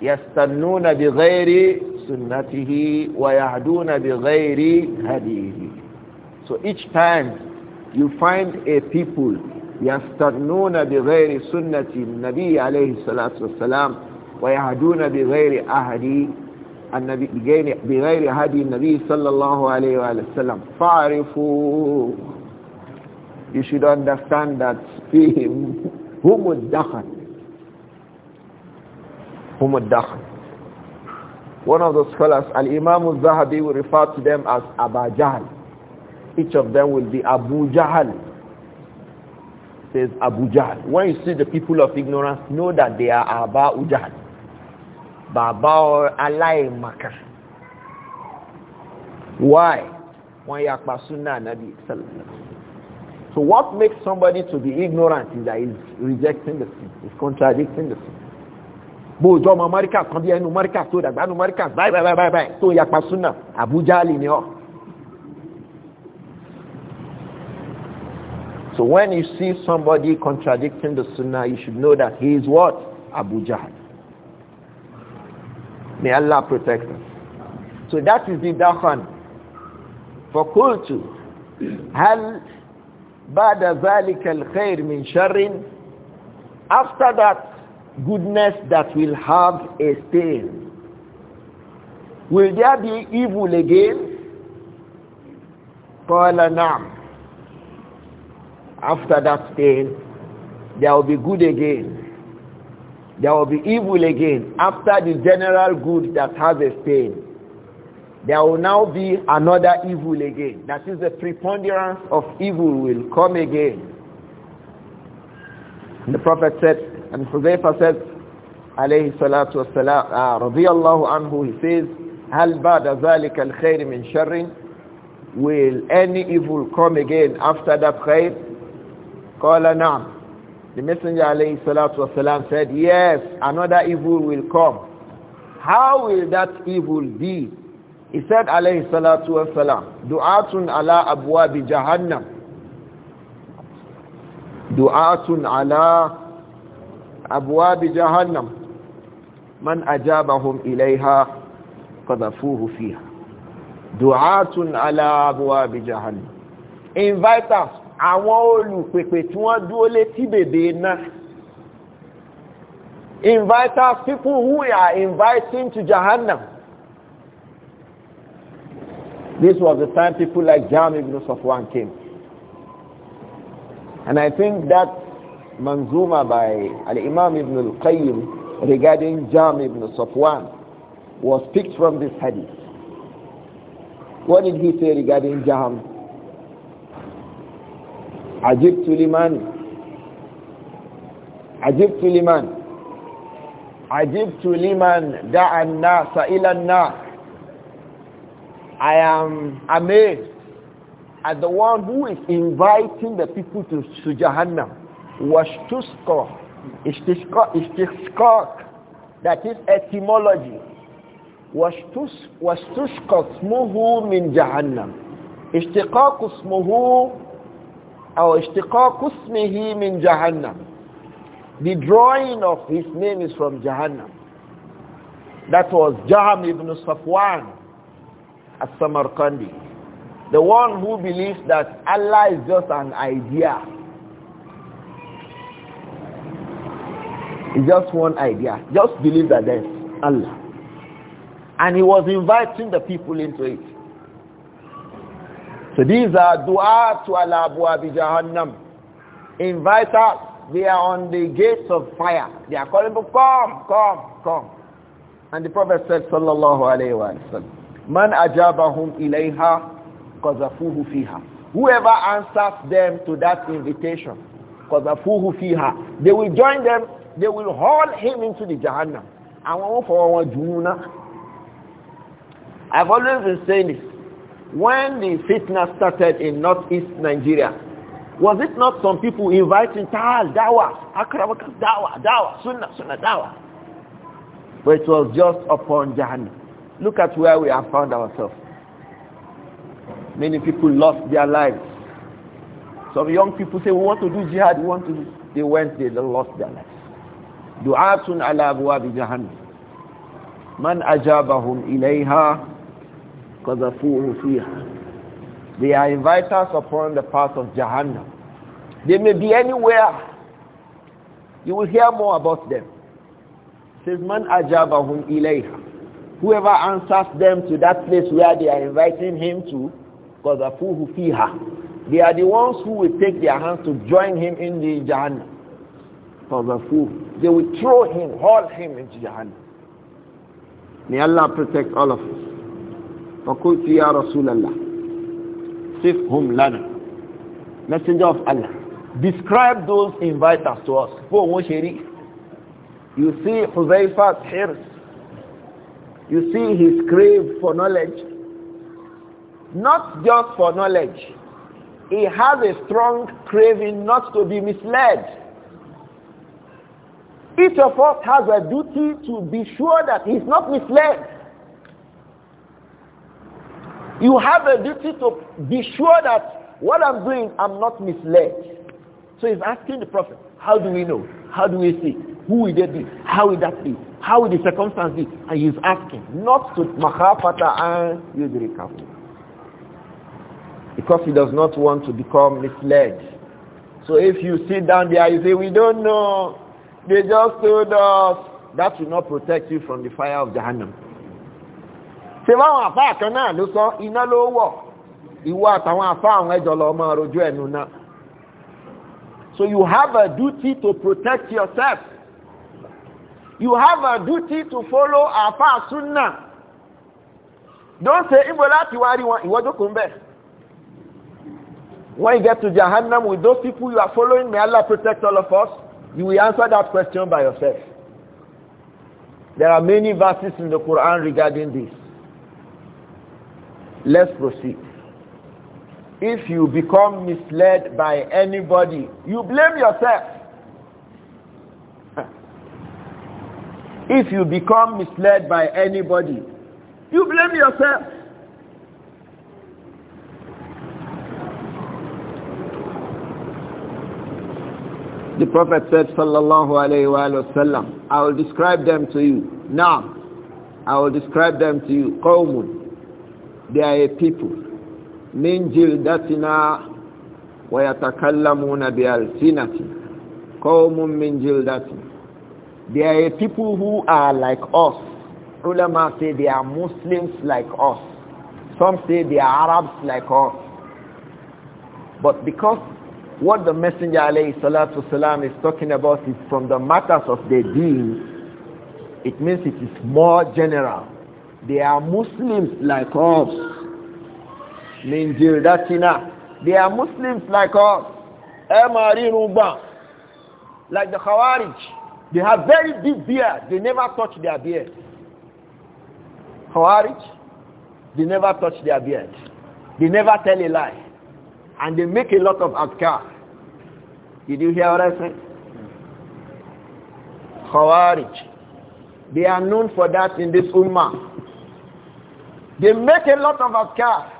yastannuna bi ghairi sunnatihi wa yahduna bi ghairi hadihi so each time you find a people يستغنون بغير سنة النبي عليه الصلاة والسلام ويهدون بغير أهدي النبي بغير هدي النبي صلى الله عليه وآله وسلم فاعرفوا you should understand that فيهم هم الدخل هم الدخل one of the scholars al-imam zahabi will refer to them as أبا جهل each of them will be Abu Jahl says Abu Jahl. When you see the people of ignorance, know that they are Aba Ujah, Baba or Alai Makar. Why? When you are Sunnah Nabi So what makes somebody to be ignorant is that he's rejecting the sin, he's contradicting the sin. Bo ọjọ́ ọmọ Amẹ́ríkà kan bí ẹnu Amẹ́ríkà tó dàgbà ẹnu Amẹ́ríkà báyìí báyìí báyìí tó yapa Sunnah Abu Jahl ni ọ́. So when you see somebody contradicting the sunnah, you should know that he is what? Abu Jahl. May Allah protect us. So that is the dakhan. فَقُلْتُ هَلْ بَعْدَ ذَلِكَ الْخَيْرِ مِنْ شَرٍ After that goodness that will have a stain, will there be evil again? قَالَ نَعْمُ after that pain there will be good again there will be evil again after the general good that has a stain there will now be another evil again that is the preponderance of evil will come again and the prophet said and Huzaifa said alayhi salatu wassalam uh, radiyallahu anhu he says hal ba'da zalika al-khair min will any evil come again after that khair Qala na'am. The Messenger alayhi salatu wasalam said, yes, another evil will come. How will that evil be? He said alayhi salatu wasalam, du'atun ala abwabi jahannam. Du'atun ala abwabi jahannam. Man ajabahum ilayha qadhafuhu fiha. Du'atun ala abwabi jahannam. Invite us àwọn olùpèpè tí wọ́n bèbè people who are inviting to jahannam this was the time people like Jam ibn Safwan came and I think that manzuma by al-Imam ibn al-Qayyim regarding Jam ibn Safwan was picked from this hadith what did he say regarding Jam Ajib Tuliman. Ajib Tuliman. Ajib Tuliman da'an nasa ilan I am amazed at the one who is inviting the people to, to Jahannam. Washtusqa. Istishqaq. That is etymology. Washtusqa smuhu min Jahannam. Ishtiqaq smuhu أو اشتقاق اسمه من جهنم the drawing of his name is from Jahannam that was Jaham ibn Safwan as-Samarqandi the one who believes that Allah is just an idea it's just one idea just believe that there's Allah and he was inviting the people into it so these are dua to Allah Abu Jahannam. Invite us. They are on the gates of fire. They are calling, come, come, come. And the Prophet said, sallallahu alayhi wasallam, Man ajabahum ilayha qazafuhu fiha. Whoever answers them to that invitation, qazafuhu fiha. They will join them, they will haul him into the Jahannam. I want for our I've always been saying this. When the fitna started in northeast Nigeria, was it not some people inviting Tahal, Dawa, Akrabaka, Dawa, Dawa, Sunnah, Sunnah, Dawa? But it was just upon Jahannam. Look at where we have found ourselves. Many people lost their lives. Some young people say, we want to do jihad, we want to do. They went, they lost their lives. Du'atun ala abwabi jahannam. Man ajabahum ilayha قَذَفُوهُ فِيهَا They are us upon the path of Jahannam. They may be anywhere. You will hear more about them. says, مَنْ أَجَابَهُمْ ilayha. Whoever answers them to that place where they are inviting him to, قَذَفُوهُ فِيهَا They are the ones who will take their hands to join him in the Jahannam. قَذَفُوهُ They will throw him, haul him into Jahannam. May Allah protect all of us. فقلت يا رسول الله صفهم لنا messenger of Allah describe those inviters to us for one sheri you see Huzaifa's hirs you see his crave for knowledge not just for knowledge he has a strong craving not to be misled each of us has a duty to be sure that he's not misled you have a duty to be sure that what I'm doing, I'm not misled. So he's asking the prophet, how do we know? How do we see? Who will that be? How will that be? How will the circumstance be? And he's asking, not to makhafata and yudrikafu. Because he does not want to become misled. So if you sit down there, you say, we don't know. They just told us. That will not protect you from the fire of Jahannam. ṣe báwọn àfáà kan náà ló sọ iná ló wọ̀ ìwọ àtàwọn àfáà àwọn ẹjọ́ lọ máa rojú ẹnu náà so you have a duty to protect yourself you have a duty to follow àfáà súnà don't say ibo láti wá rí wọn ìwọ́jókòó ń bẹ̀ when you get to Jahannam with those people you are following, may Allah protect all of us, you will answer that question by yourself. There are many verses in the Quran regarding this. Let's proceed. If you become misled by anybody, you blame yourself. If you become misled by anybody, you blame yourself. The Prophet said, Sallallahu Alaihi Wasallam, I will describe them to you. Now, I will describe them to you. Qawmun. They are people, a people. من جلدتنا bi بألسنتهم قوم من جلدتنا They are people who are like us. Ulama say they are Muslims like us. Some say they are Arabs like us. But because what the Messenger salam is talking about is from the matters of the deen, it means it is more general. They are Muslims like us. Min jirdatina. They are Muslims like us. Emarinuba. Like the Khawarij. They have very big beard. They never touch their beard. Khawarij, they never touch their beard. They never tell a lie. And they make a lot of adkar. Did you hear what I said? Khawarij. They are known for that in this ummah. They make a lot of adkar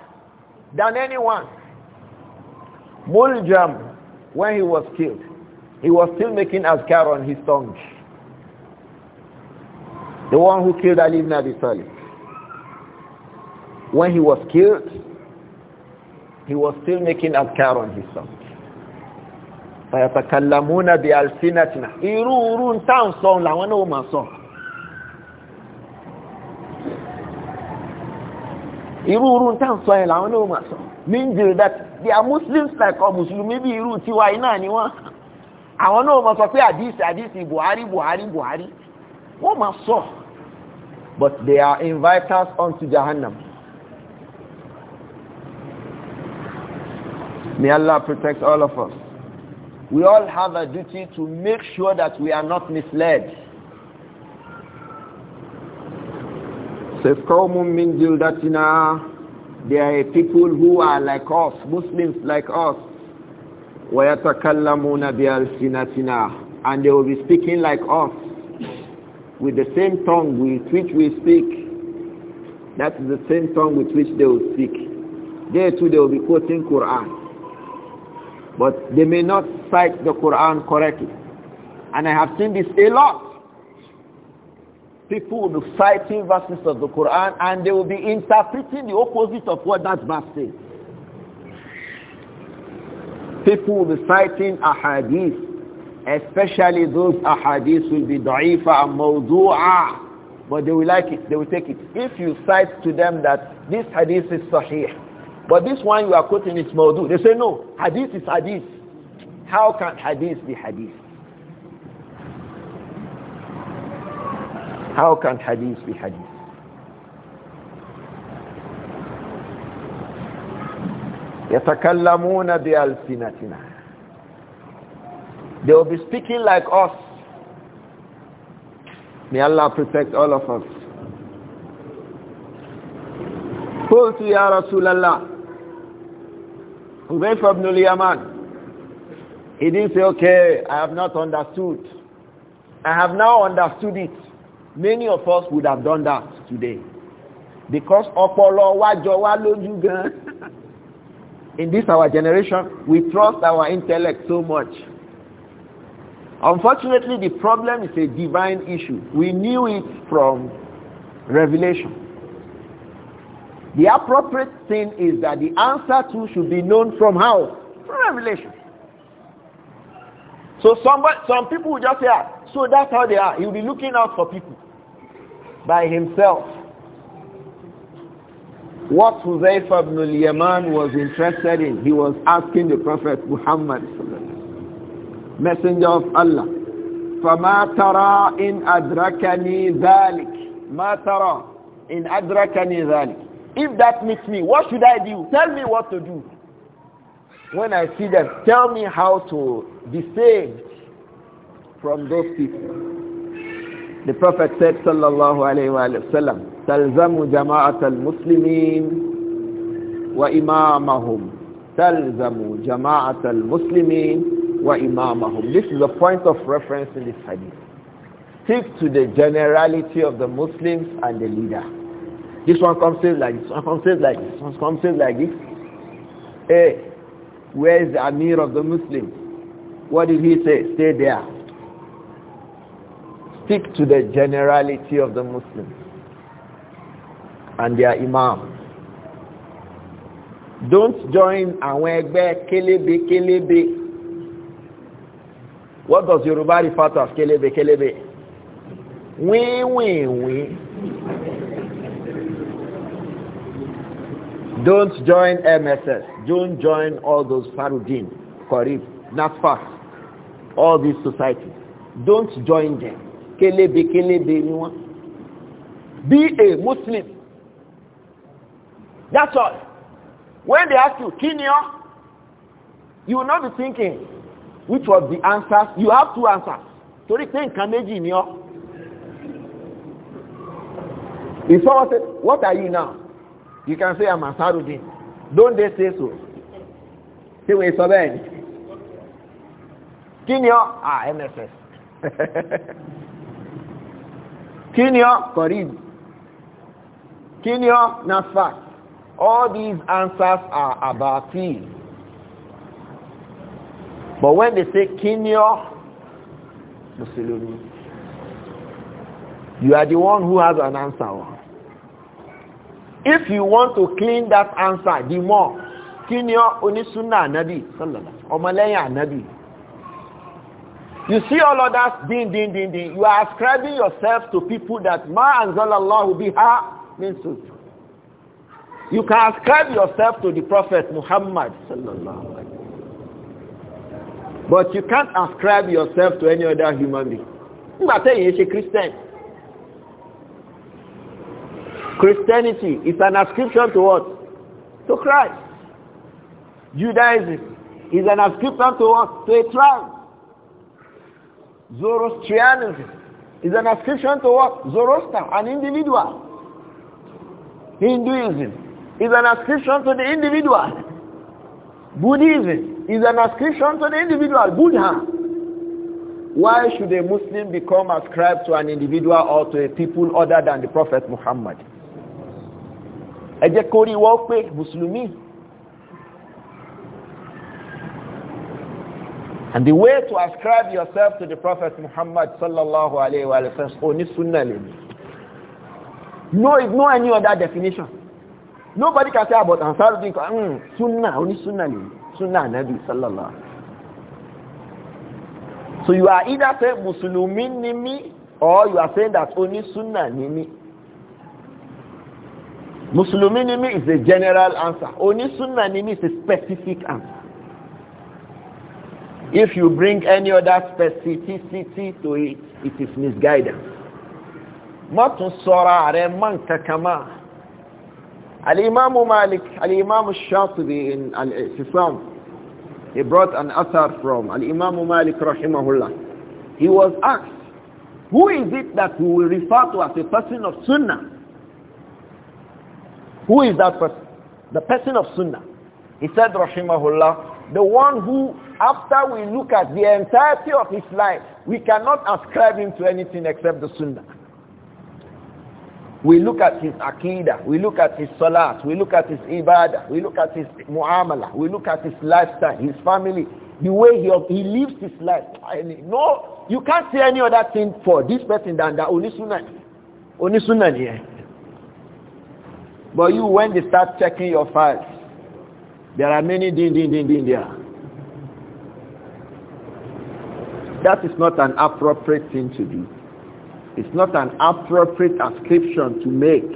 than anyone. Muljam, when he was killed, he was still making azkar on his tongue. The one who killed Ali ibn Abi Talib. When he was killed, he was still making azkar on his tongue. فَيَتَكَلَّمُونَ بِأَلْسِنَتِنَا Irú irú ń tàn irú irú tá à ń sọ yẹn làwọn náà máa sọ níjìrì that they are muslims like ọ mùsùlùmí bí irú tiwa yìí náà ni wọn àwọn náà máa sọ pé àdìsí àdìsí buhari buhari buhari wọn máa sọ but they are inviters unto jahannam. May Allah protect all of us. We all have a duty to make sure that we are not misled. So qawmun min jildatina, they are people who are like us, Muslims like us. وَيَتَكَلَّمُونَ بِأَلْسِنَتِنَا And they will be speaking like us, with the same tongue with which we speak. That is the same tongue with which they will speak. There too they will be quoting Quran. But they may not cite the Quran correctly. And I have seen this a lot people will be citing verses of the Quran and they will be interpreting the opposite of what that verse says. People will be citing ahadith, especially those ahadith will be da'ifa and mawdu'a, but they will like it, they will take it. If you cite to them that this hadith is sahih, but this one you are quoting is mawdu, they say no, hadith is hadith. How can hadith be hadith? How can hadith be hadith? يَتَكَلَّمُونَ بِأَلْسِنَتِنَا They will be speaking like us. May Allah protect all of us. قلت يا رسول الله حذيفة from اليمان He didn't say, okay, I have not understood. I have now understood it many of us would have done that today because ọpọlọ wájọ wá lójú gan [laughs] in this our generation we trust our intellect so much unfortunately the problem is a divine issue we knew it from revelation the appropriate thing is that the answer to should be known from how from revelation so somebody, some people will just say ah, so that's how they are he will be looking out for people by himself. What Huzaifa ibn al-Yaman was interested in, he was asking the Prophet Muhammad, Messenger of Allah, فَمَا تَرَى إِنْ أَدْرَكَنِي ذَلِكَ مَا تَرَى إِنْ أَدْرَكَنِي ذَلِكَ If that meets me, what should I do? Tell me what to do. When I see them, tell me how to be saved from those people. The Prophet said, sallallahu alayhi wa sallam, wa Imamahum." الْمُسْلِمِينَ Jama'at al جَمَاعَةَ wa Imamahum. This is the point of reference in this hadith. Stick to the generality of the Muslims and the leader. This one comes like this, one comes like this, one comes like this. Hey, where is the Amir of the Muslims? What did he say? Stay there. Stick to the generality of the Muslims and their imams. Don't join àwọn ẹgbẹ́ kélébé kélébé. What does Yoruba refer to as kélébé we. Wíwìnwí. Don't join MSS. Don't join all those Farudin, Not fast. all these societies. Don't join them. kélébé kélébé ni wọ́n be a muslim that's all when they ask you kí ni you will not be thinking which was the answer. you have two answers torí pé nǹkan méjì ni ọ́ if someone say what are you now you can say i'm asarudin don't they say so ṣé wọ́n sọ bẹ́ẹ̀ ni kí ni ah mss [laughs] Kí ni ọ? Qarib. Kí ni ọ? All these answers are about him. But when they say kí ni ọ? You are the one who has an answer. If you want to clean that answer, the more. Kí ni ọ? Onísúnà ànábì. Ọmọlẹ́yìn ànábì. You see all others din din din din. You are ascribing yourself to people that ma anzalallahu biha her sultan. You can ascribe yourself to the Prophet Muhammad sallallahu alaihi But you can't ascribe yourself to any other human being. you, he's a Christian. Christianity is an ascription to what? To Christ. Judaism is an ascription to what? To a tribe. Zoroastrianism is an ascription to what? Zoroaster, an individual. Hinduism is an ascription to the individual. Buddhism is an ascription to the individual, Buddha. Why should a Muslim become ascribed to an individual or to a people other than the Prophet Muhammad? Ẹ jẹ́ pé And the way to ascribe yourself to the Prophet Muhammad sallallahu alayhi wa sallam only oh, sunnah lady. No, no any other definition. Nobody can say about Ansaruddin, mm, sunnah, only sunnah lady. Sunnah Nabi sallallahu So you are either saying Muslimin nimi or you are saying that only sunnah nimi. Muslimin nimi is a general answer. Only sunnah nimi is a specific answer. If you bring any other specificity to it, it is misguidance. Matun sọ́ra rẹ̀ mọ́ nǹkan al Malik, al Imam Shatibi in Al-Islam, he brought an asar from al Imam Malik rahimahullah. He was asked, who is it that we will refer to as a person of sunnah? Who is that person? The person of sunnah. He said rahimahullah, the one who after we look at the entirety of his life, we cannot ascribe him to anything except the Sunnah. We look at his aqidah, we look at his salat, we look at his ibadah, we look at his muamalah, we look at his lifestyle, his family, the way he, he lives his life. no, you can't say any other thing for this person than that only sunnah. Only sunnah here. But you, when they start checking your files, there are many ding, ding, ding, ding there. that is not an appropriate thing to do. It's not an appropriate ascription to make.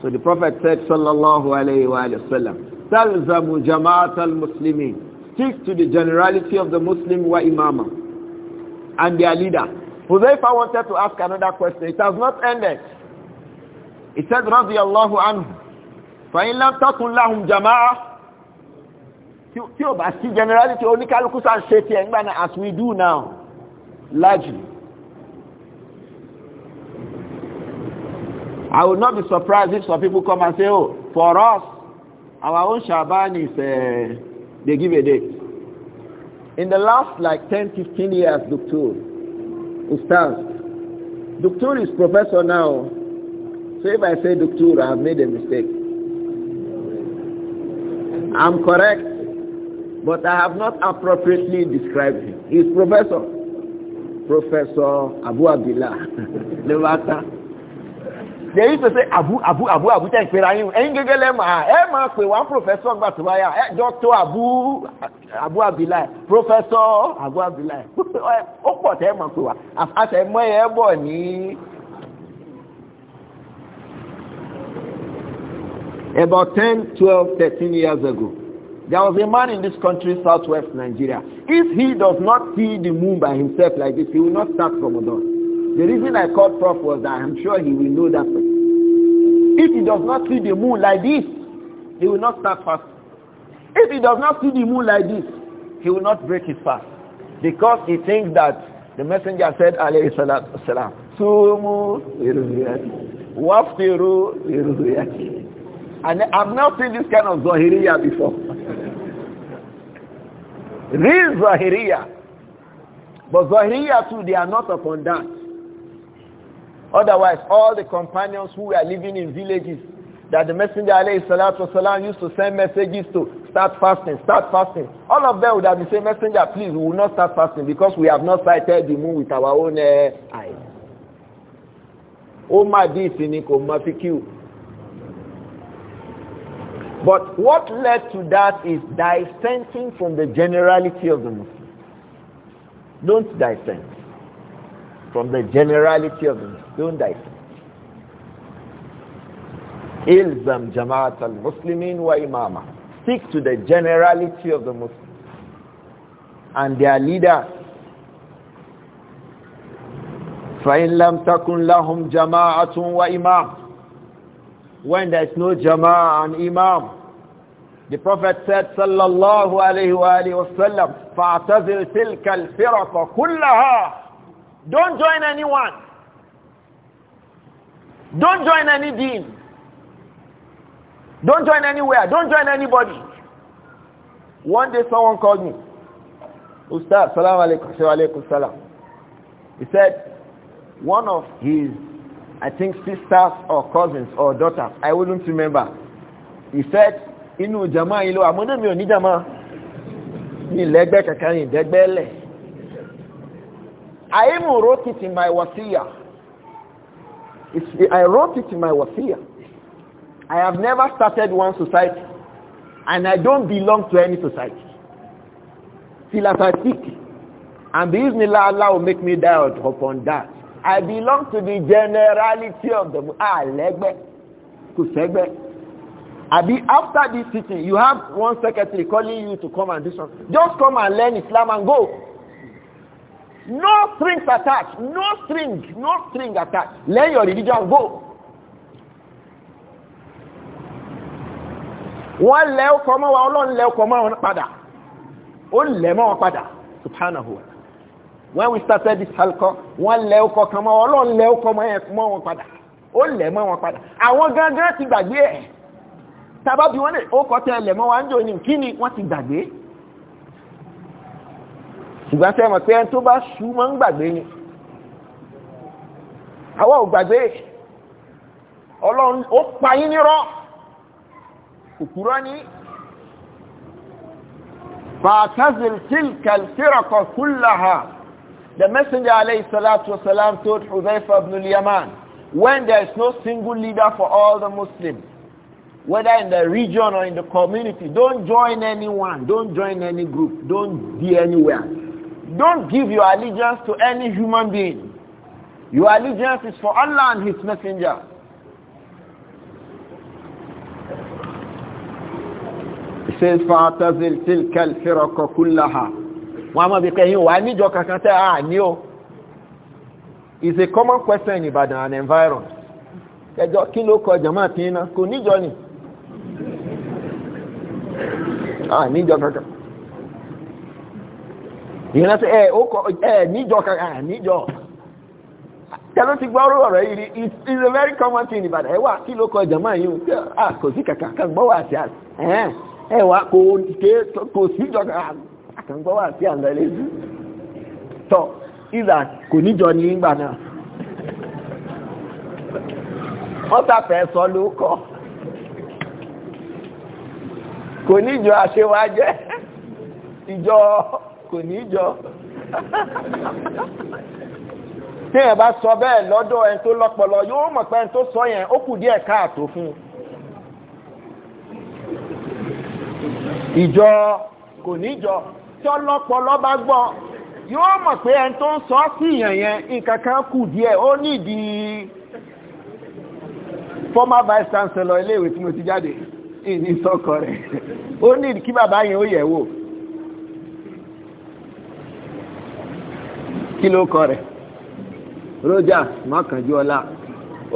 So the Prophet said, Sallallahu Alaihi Wasallam, Talzamu Jama'at al-Muslimin. Stick to the generality of the Muslim wa imama and their leader. Huzaifa wanted to ask another question. It has not ended. He said, رضي الله عنه فإن لم تكن لهم جماعة tí ò bá sí generality oníkálukú sá ṣe tiẹ̀ nígbà náà as we do now largely. I will not be surprised if some people come and say, oh, for us, our own Shaban is, uh, they give a date. In the last like 10, 15 years, Duktur, Ustaz, Doctor is professor now. So if I say Doctor, I have made a mistake. I'm correct. But I have not appropriately described him. He's professor. Professor Abu Abdullah. Levata. [laughs] They used to say Abu Abu Abu Abu tẹ́ ń pera yín ẹ̀yin gẹ́gẹ́ lẹ́mọ̀ à ẹ máa pè wá professor gbà tó báyà ẹ Dr. Abu Abu Abdullah professor Abu Abdullah [laughs] ó pọ̀ tẹ́ ẹ máa pè wá àtẹ̀mọ́ ẹ bọ̀ ní about ten twelve thirteen years ago There was a man in this country, southwest Nigeria. If he does not see the moon by himself like this, he will not start Ramadan. The reason I called Prof was that I'm sure he will know that. If he does not see the moon like this, he will not start fast. If he does not see the moon like this, he will not break his fast. Because he thinks that the messenger said, alayhi salatu salam, Sumu waftiru And I've not seen this kind of zahiriya before. Real zahiria But zahiria too, they are not upon that. Otherwise, all the companions who are living in villages that the Messenger والسلام, used to send messages to, start fasting, start fasting. All of them would have the same Messenger, please, we will not start fasting because we have not sighted the moon with our own uh, eyes. my dear Finiko, Mafikiu, but what led to that is dissenting from the generality of the Muslims. Don't dissent from the generality of the Muslims. Don't dissent. Ilzam Jamaat al-Muslimin wa imama. Stick to the generality of the Muslims and their leaders. فَإِنْ لَمْ تَكُنْ لَهُمْ جَمَاعَةٌ وَإِمَامٌ when there is no jama'ah and imam the prophet said sallallahu alayhi wa alihi wasallam fa'tazil tilka al-firqa kullaha don't join anyone don't join any deen don't join anywhere don't join anybody one day someone called me ustaz salam alaykum wa alaykum salam he said one of his I think sisters or cousins or daughters, I wouldn't remember. He said, Inu jama ilo, amodo mi oni jama. Ni legbe kakani, degbele. I even wrote it in my wasiya. I wrote it in my wasiya. I have never started one society and I don't belong to any society. Till as I speak. And the Allah will make me die upon that. I belong to the generality of the àlẹ́gbẹ́ ah, kò sẹ́gbẹ́ àbí after this teaching you have one secretary calling you to come and do something just come and learn Islam and go no strings attached no string no string attached learn your religion and go. wọ́n lẹ́ ọkọ̀ mọ́ wa ọlọ́run lẹ́ ọkọ̀ mọ́ wọn padà ó lẹ́ mọ́ wọn padà subhanahu wa when we started this halqa wọ́n lẹ ọkọ̀ kan mọ́ ọlọ́run lẹ ọkọ̀ mọ́ wọn padà ó lẹ̀ mọ́ wọn padà àwọn gangan ti gbàgbé ẹ̀ tàbá bí wọ́n lè ó kọ́ tẹ́ lẹ̀ wa ń jò kí ni wọ́n ti gbàgbé ṣùgbọ́n tẹ́ mọ̀ pé ẹni tó bá ṣú mọ́ ń gbàgbé ni àwọn ò gbàgbé ọlọ́run ó pa yín nírọ́ òkúrọ́ ní fàtàzìl tìlkàl tìrọ̀kọ̀ The Messenger والسلام, told Huzaifa ibn al-Yaman, when there is no single leader for all the Muslims, whether in the region or in the community, don't join anyone, don't join any group, don't be anywhere. Don't give your allegiance to any human being. Your allegiance is for Allah and His Messenger. says, تِلْكَ الْفِرَقَ كُلَّهَا wọn a máa bí kẹyìn wà níjọ kankan tẹ́ à ní o is a common question in Ibadan and environment kẹjọ kí ló kọ jama tí iná kò níjọ ni à níjọ kankan ìrìnà sí ẹ ó kọ ẹ níjọ kankan à níjọ tẹ́ló ti gbọ́ ọ̀rọ̀ yìí rí is a very common thing in Ibadan ẹ wà kí ló kọ jama yìí o kò sí kankan kan gbọ́ wà sí àti ẹ wà kò síjọ kankan kàn gbọ́ wà sí àlọ́ ẹlẹ́sìn tọ́ ìlà kò níjọ ní ìgbà náà wọ́n tàfẹ́ sọ ló kọ́ kò níjọ àṣewájẹ́ ìjọ kò níjọ tí ẹ̀ bá sọ bẹ́ẹ̀ lọ́dọ̀ ẹn tó lọ́pọlọ yóò mọ̀ pé tó sọ yẹn ó kù díẹ̀ káàtó fún ìjọ kò níjọ tọ́lọ́pọ̀lọ́ bá gbọ́ yóò mọ̀ pé ẹni tó ń sọ sí ìyàn yẹn nǹkan kan kù díẹ̀ ó nídìí former vice chancellor iléèwé tí mo ti jáde ní sọ́kọ rẹ̀ ó nídìí kí bàbá yẹn ó yẹ̀ wò kí ló kọ rẹ̀ Rogers Makanjuola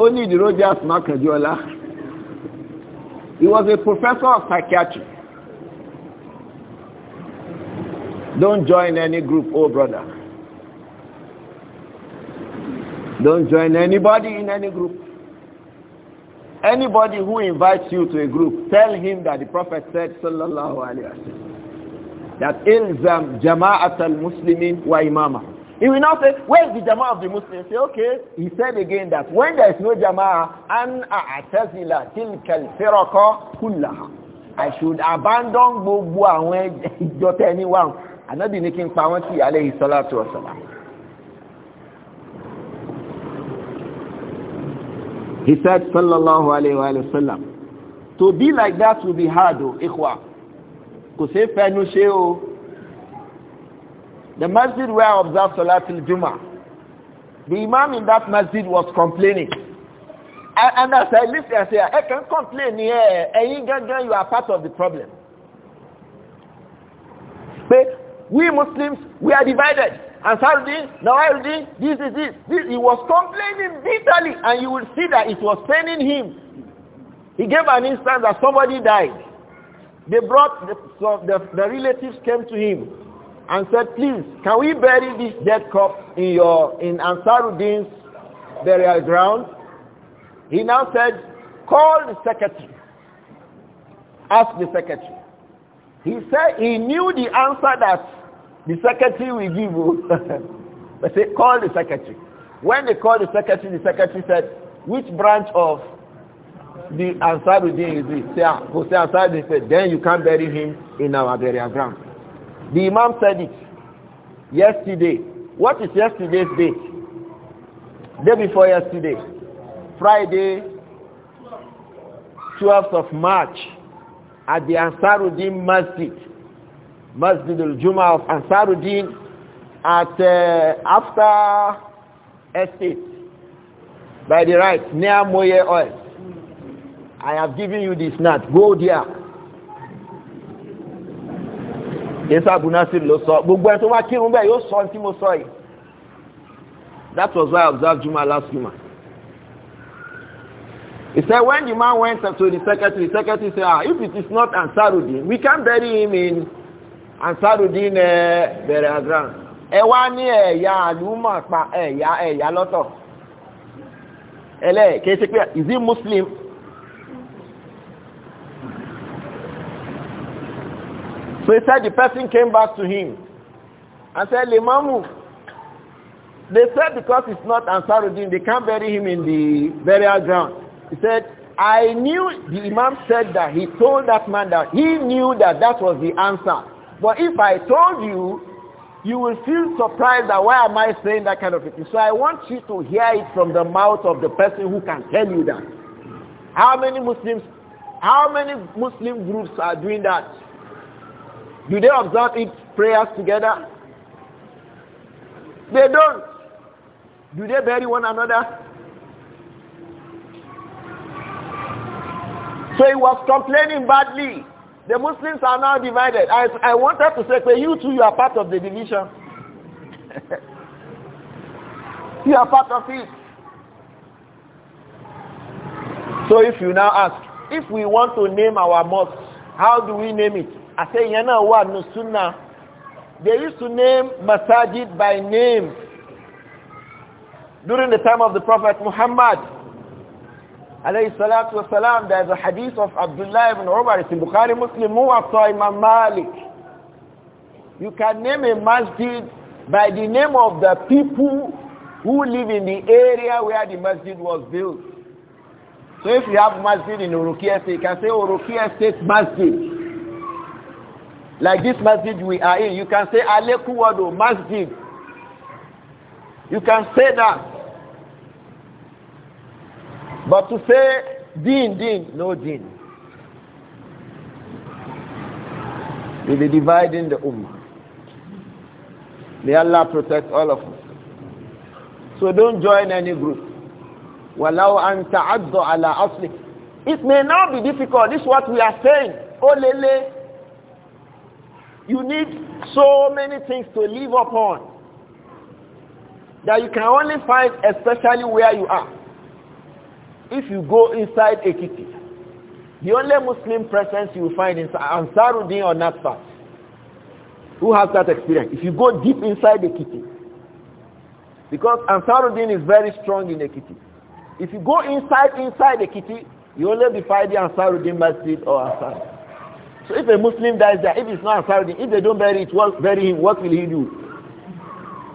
ó nídìí Rogers Makanjuola he was a professor of psychiatry Don't join any group, oh brother. Don't join anybody in any group. Anybody who invites you to a group, tell him that the Prophet said, sallallahu alayhi wa sallam, that ilzam jama'at al-muslimin wa imama. He will not say, where is the jama'ah of the Muslims? Say, okay. He said again that when there is no jama'ah, an a'tazila tilka al kullaha. I should abandon gbogbo àwọn ìjọ tẹ́ni anyone. ànábì ní kí n pa wọ́n tì alayhi salatu wa salam he said sallallahu alayhi wa sallam to be like that will be hard o oh, ikhwa kò sí fẹnu ṣe o the masjid where I observed Salatul Juma the imam in that masjid was complaining and, and as I listen I say I can complain here ẹ̀yin gangan you are part of the problem pé We Muslims, we are divided. Ansaruddin, Nawaruddin, this is this. this. He was complaining bitterly and you will see that it was paining him. He gave an instance that somebody died. They brought, the, so the, the relatives came to him and said, please, can we bury this dead cop in, your, in Ansaruddin's burial ground? He now said, call the secretary. Ask the secretary. He said he knew the answer that the secretary will give you. I [laughs] say, call the secretary. When they called the secretary, the secretary said, which branch of the Ansarudin is this? Say, Hossein ah, Ansaruddin said, then you can bury him in our burial ground. The Imam said it yesterday. What is yesterday's date? Day before yesterday. Friday, 12th of March, at the Ansaruddin Masjid. Masjid al Juma of Ansaruddin at uh, after estate by the right near Moye Oil. I have given you this nut. Go there. Yesu Abunasir ló sọ. Gbogbo ẹ̀ tó bá kírun bẹ́ẹ̀ yóò sọ tí mo sọ yìí. That was why I observed Juma last Juma. He said when the man went up to the secretary, the secretary said, ah, if it is not Ansaruddin, we can bury him in ansarudin eh, bẹ̀rẹ̀ azran ẹ wá ní ẹ̀yà àlùmọ̀ pa ẹ̀yà ẹ̀yà lọ́tọ̀ ẹlẹ́ kìí ṣe pé is he muslim so he said the person came back to him and said limamu they said because it's not ansarudin they can't bury him in the burial ground he said I knew the imam said that he told that man that he knew that that was the answer But if I told you, you will feel surprised that why am I saying that kind of thing. So I want you to hear it from the mouth of the person who can tell you that. How many Muslims, how many Muslim groups are doing that? Do they observe it prayers together? They don't. Do they bury one another? So he was complaining badly The Muslims are now divided. I, I wanted to say, but you too, you are part of the division. [laughs] you are part of it. So if you now ask, if we want to name our mosque, how do we name it? I say, Yana wa no sunnah. They used to name masajid by name during the time of the Prophet Muhammad alayhi salatu wasalam, there is a hadith of Abdullah ibn Umar, it's in Bukhari Muslim, Muwatta Imam Malik. You can name a masjid by the name of the people who live in the area where the masjid was built. So if you have masjid in Uruki State, you can say Uruki State Masjid. Like this masjid we are in, you can say Aleku Wado Masjid. You can say that but to say deen, deen, no deen. We'll be dividing the ummah. May Allah protect all of us. So don't join any group. وَلَوْ anta تَعَدُّ ala asli. It may not be difficult. This is what we are saying. Oh, lele. You need so many things to live upon that you can only find especially where you are if you go inside Ekiti, the only Muslim presence you find is Ansaruddin or Natfat. Who has that experience? If you go deep inside Ekiti, because Ansaruddin is very strong in Ekiti. If you go inside inside Ekiti, you only be finding Ansaruddin Masjid or Ansar. So if a Muslim dies there, if it's not Ansaruddin, if they don't bury it, what, bury him, what will he do?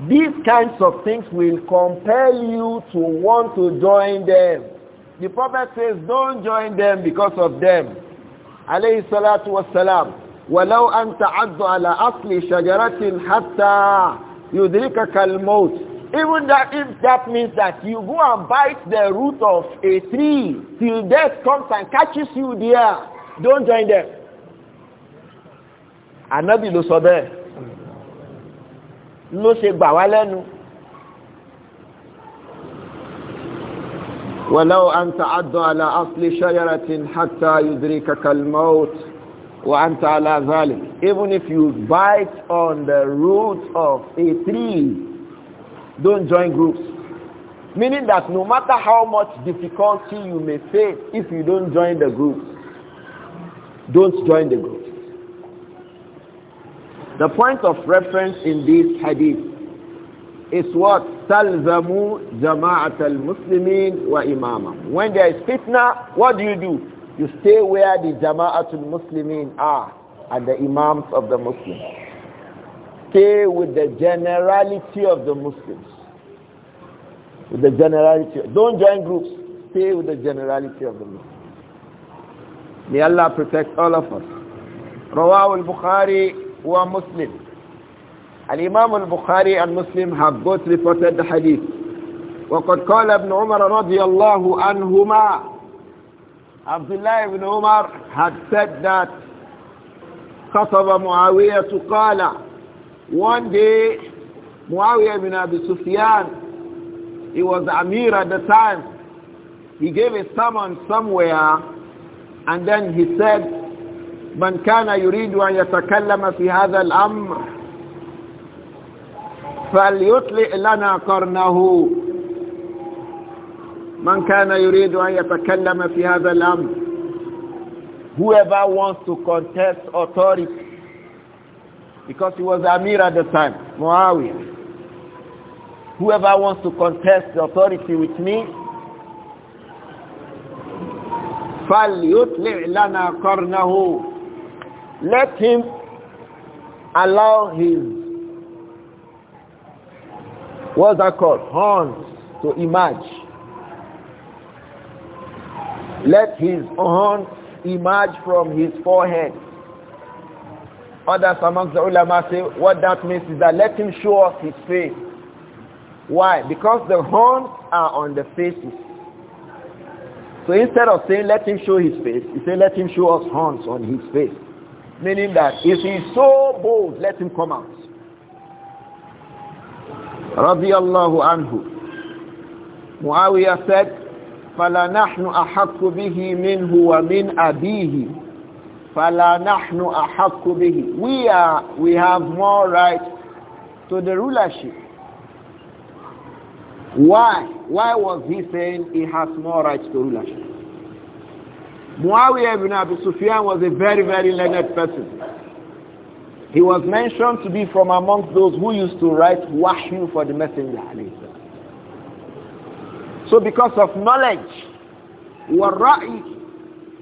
These kinds of things will compel you to want to join them. The Prophet says, don't join them because of them. Alayhi salatu wassalam. Walau anta تعد ala asli shajaratin hatta يدركك الموت. Even that, if that means that you go and bite the root of a tree till death comes and catches you there, don't join them. Anabi lo sọ bẹ́ẹ̀. Ló ṣe gbà wá lẹ́nu. ولو أن تعد على أصل شجرة حتى يدركك الموت وأنت على ذلك even if you bite on the root of a tree don't join groups meaning that no matter how much difficulty you may face if you don't join the groups don't join the groups the point of reference in this hadith is what? Talzamu jama'at al-muslimin wa imamam. When there is fitna, what do you do? You stay where the jama'at al-muslimin are and the imams of the Muslims. Stay with the generality of the Muslims. With the generality. Don't join groups. Stay with the generality of the Muslims. May Allah protect all of us. رواه البخاري ومسلم الإمام البخاري المسلم have both reported the hadith وقد قال ابن عمر رضي الله عنهما عبد الله بن عمر had said that خطب معاوية قال one day معاوية بن أبي سفيان he was the Amir at the time he gave a summon somewhere and then he said من كان يريد أن يتكلم في هذا الأمر فليطلع لنا قرنه من كان يريد أن يتكلم في هذا الأمر whoever wants to contest authority because he was Amir at the time Muawiyah whoever wants to contest the authority with me فَلْيُطْلِعْ لَنَا قَرْنَهُ let him allow his What's that called? Horns to emerge. Let his horns emerge from his forehead. Others amongst the ulama say what that means is that let him show us his face. Why? Because the horns are on the faces. So instead of saying let him show his face, he say let him show us horns on his face. Meaning that if he's so bold, let him come out radiallahu anhu. Muawiyah said, "Fala nahnu نَحْنُ bihi minhu wa min أَبِيهِ fala nahnu أَحَقُّ bihi." We are, we have more right to the rulership. Why? Why was he saying he has more right to rulership? Muawiyah ibn Abi Sufyan was a very, very learned person. He was mentioned to be from among those who used to write waḥy for the messenger. So because of knowledge, wara'i,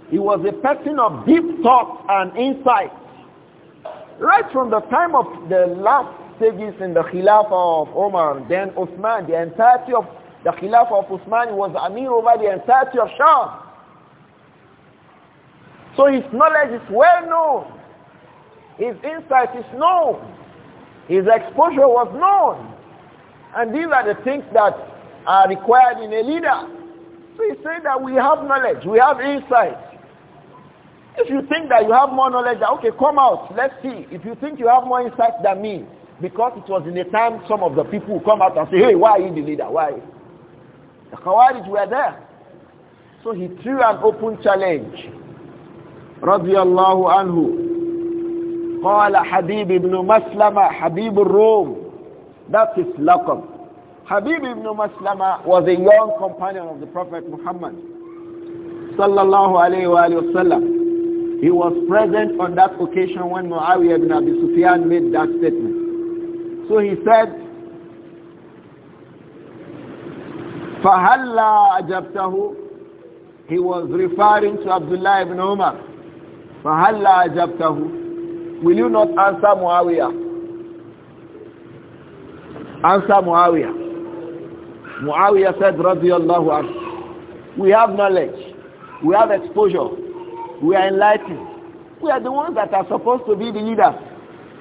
he was a person of deep thought and insight. Right from the time of the last stages in the Khilafah of Omar, then Uthman, the entirety of the Khilafah of Uthman was Amir over the entirety of Shah So his knowledge is well known. His insight is known. His exposure was known. And these are the things that are required in a leader. So he said that we have knowledge, we have insight. If you think that you have more knowledge, okay, come out, let's see. If you think you have more insight than me, because it was in the time some of the people come out and say, hey, why are you the leader? Why? The Khawarij were there. So he threw an open challenge. Radiallahu anhu. قال حبيب ابن مسلمة حبيب الروم That is لقب. حبيب ibn Maslama was a young companion of the Prophet Muhammad sallallahu alayhi wa, alayhi sallam. He was present on that occasion when Muawiyah ibn Abi Sufyan made that statement. So he said, فَهَلَّا أَجَبْتَهُ He was referring to Abdullah ibn Umar. فَهَلَّا أَجَبْتَهُ will you not answer Muawiyah? Answer Muawiyah. Muawiyah said, Radiallahu anhu, we have knowledge, we have exposure, we are enlightened. We are the ones that are supposed to be the leaders.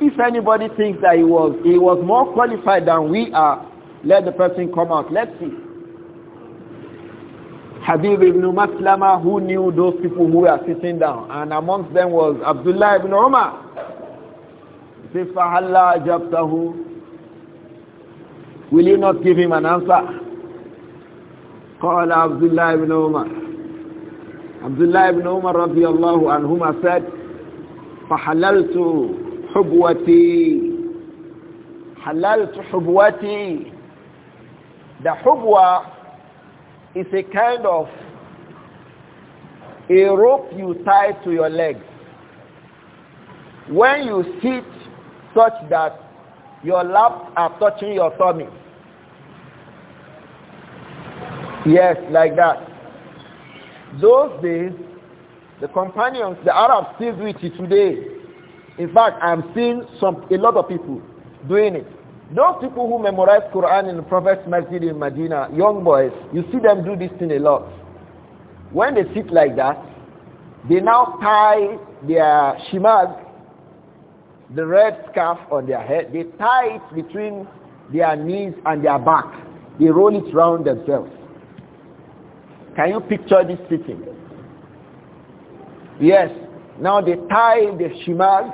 If anybody thinks that he was, he was more qualified than we are, let the person come out. Let's see. Habib ibn Maslama who knew those people who were sitting down and amongst them was Abdullah ibn Umar sifa halla ajabtahu will you not give him an answer qala abdullah ibn umar abdullah ibn umar radiyallahu anhuma said fahalaltu hubwati halaltu hubwati the hubwa is a kind of a rope you tie to your leg when you sit such that your laps are touching your tummy. Yes, like that. Those days, the companions, the Arabs still do it today. In fact, I'm seeing some a lot of people doing it. Those people who memorize Quran in the Prophet's Masjid in Medina, young boys, you see them do this thing a lot. When they sit like that, they now tie their shimag the red scarf on their head, they tie it between their knees and their back. They roll it round themselves. Can you picture this sitting? Yes. Now they tie the shimas,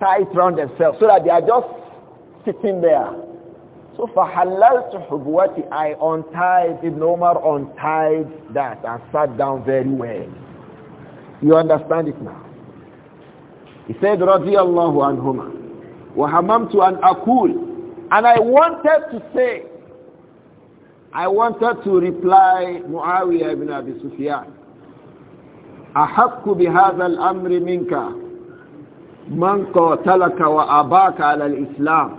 tie it round themselves so that they are just sitting there. So to حُبُوَتِ I untied, Ibn Omar untied that and sat down very well. You understand it now? He said, radiyallahu anhuma, wa hamamtu an akul. And I wanted to say, I wanted to reply Muawiyah ibn Abi Sufyan, أحق بهذا الأمر منك من قتلك وأباك al-islam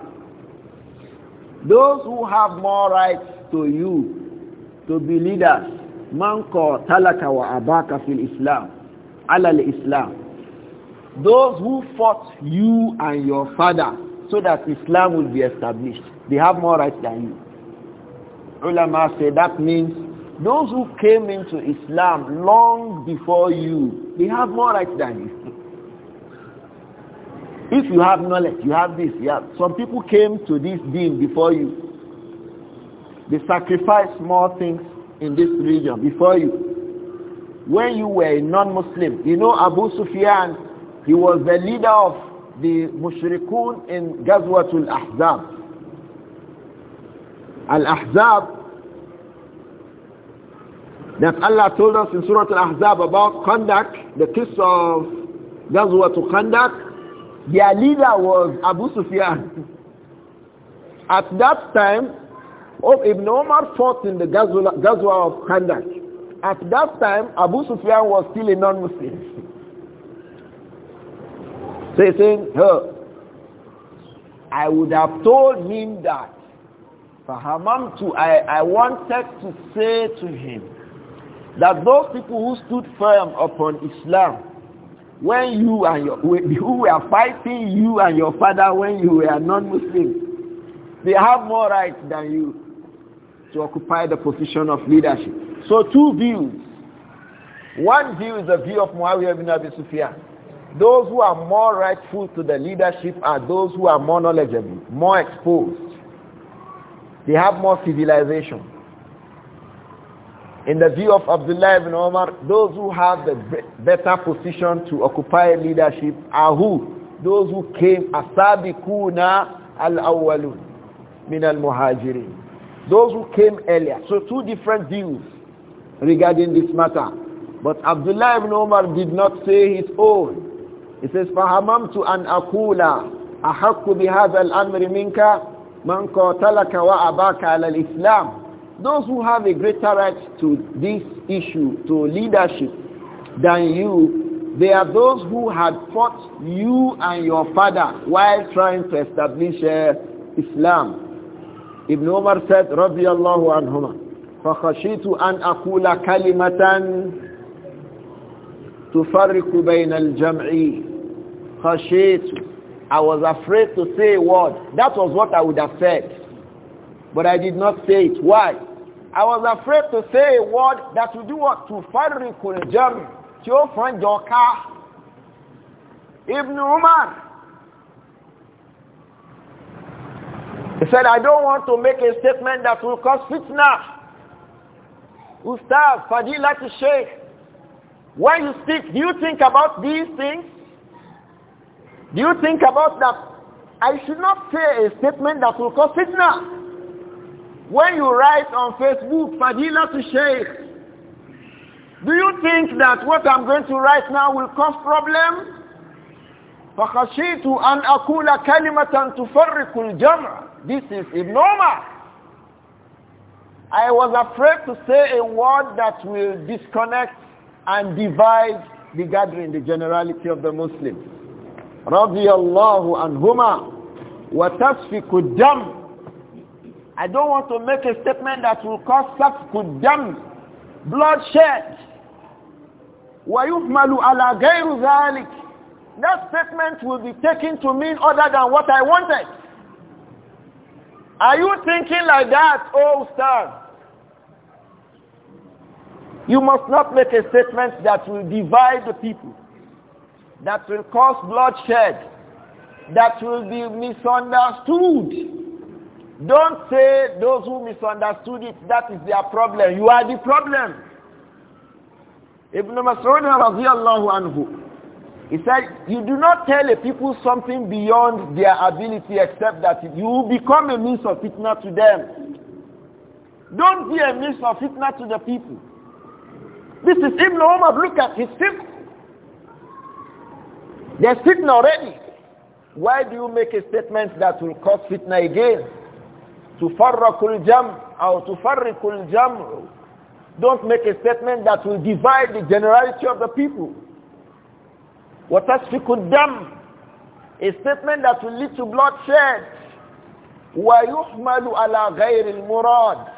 Those who have more rights to you to be leaders من abaka fil islam ala al-islam those who fought you and your father so that Islam will be established, they have more rights than you. Ulama say that means those who came into Islam long before you, they have more rights than you. [laughs] If you have knowledge, you have this, yeah. Some people came to this deen before you. They sacrificed more things in this region before you. When you were a non-Muslim, you know Abu Sufyan he was the leader of the mushrikun in Ghazwatul Ahzab. Al-Ahzab that Allah told us in Surah Al-Ahzab about Khandak, the kiss of Ghazwatul to Khandak, their leader was Abu Sufyan. [laughs] At that time, Ibn Omar fought in the Ghazwa, Ghazwa of Khandak. At that time, Abu Sufyan was still a non-Muslim. [laughs] They saying, oh, I would have told him that. to, I, I wanted to say to him that those people who stood firm upon Islam, when you and your, who were fighting you and your father when you were non-Muslim, they have more rights than you to occupy the position of leadership. So two views. One view is the view of Muawiyah ibn Abi Sufyan those who are more rightful to the leadership are those who are more knowledgeable, more exposed. They have more civilization. In the view of Abdullah ibn Omar, those who have the better position to occupy leadership are who? Those who came asabikuna al-awwalun min al-muhajirin. Those who came earlier. So two different views regarding this matter. But Abdullah ibn Omar did not say his own. It says, فَهَمَمْتُ أَنْ أَقُولَ أَحَقُّ بِهَذَا الْأَمْرِ مِنْكَ مَنْ قَاتَلَكَ وَأَبَاكَ عَلَى الْإِسْلَامِ Those who have a greater right to this issue, to leadership, than you, they are those who had fought you and your father while trying to establish uh, Islam. Ibn Umar said, رضي الله عنهما فَخَشِيتُ أَنْ أَقُولَ كَلِمَةً تفرق بين الجمع khashitu I was afraid to say a word. That was what I would have said. But I did not say it. Why? I was afraid to say a word that would do what? To farriqul jam. Tí ó fún jọká. Ibn Umar. He said, I don't want to make a statement that will cause fitna. Ustaz, Fadilat Sheikh, when you speak, do you think about these things? Do you think about that? I should not say a statement that will cause fitna. When you write on Facebook, Fadila to Sheikh, do you think that what I'm going to write now will cause problem? فَخَشِيتُ أَنْ أَقُولَ كَلِمَةً تُفَرِّقُ الْجَمْعَ This is Ibn Omar. I was afraid to say a word that will disconnect and divide the gathering, the generality of the Muslims. رضي الله عنهما وتسفك الدم I don't want to make a statement that will cause سفك الدم bloodshed ويحمل على غير ذلك That statement will be taken to mean other than what I wanted. Are you thinking like that, oh star? You must not make a statement that will divide the people that will cause bloodshed, that will be misunderstood. Don't say those who misunderstood it, that is their problem. You are the problem. Ibn Mas'ud radiallahu anhu, he said, you do not tell a people something beyond their ability except that you become a means of fitna to them. Don't be a means of fitna to the people. This is Ibn Umar. Look at his people. There's fitna already. Why do you make a statement that will cause fitna again? Tufarrakul jam or tufarrikul jam. Don't make a statement that will divide the generality of the people. What Watasfikul dam. A statement that will lead to bloodshed. وَيُحْمَلُ عَلَى غَيْرِ الْمُرَادِ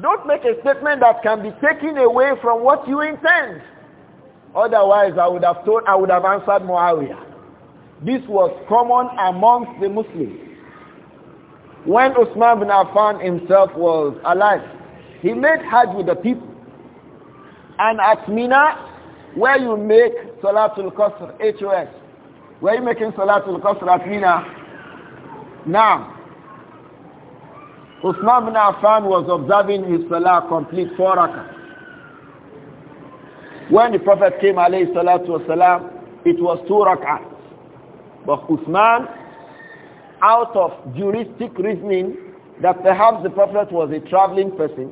Don't make a statement that can be taken away from what you intend. Otherwise, I would have told, I would have answered Muawiyah. This was common amongst the Muslims. When Usman bin Affan himself was alive, he made Hajj with the people. And at Mina, where you make Salatul Qasr, HOS, where you making Salatul Qasr at Mina, now, Usman bin Affan was observing his Salah complete four rakah. When the Prophet came, alayhi salatu it was two rak'ahs. But Uthman, out of juristic reasoning that perhaps the Prophet was a traveling person,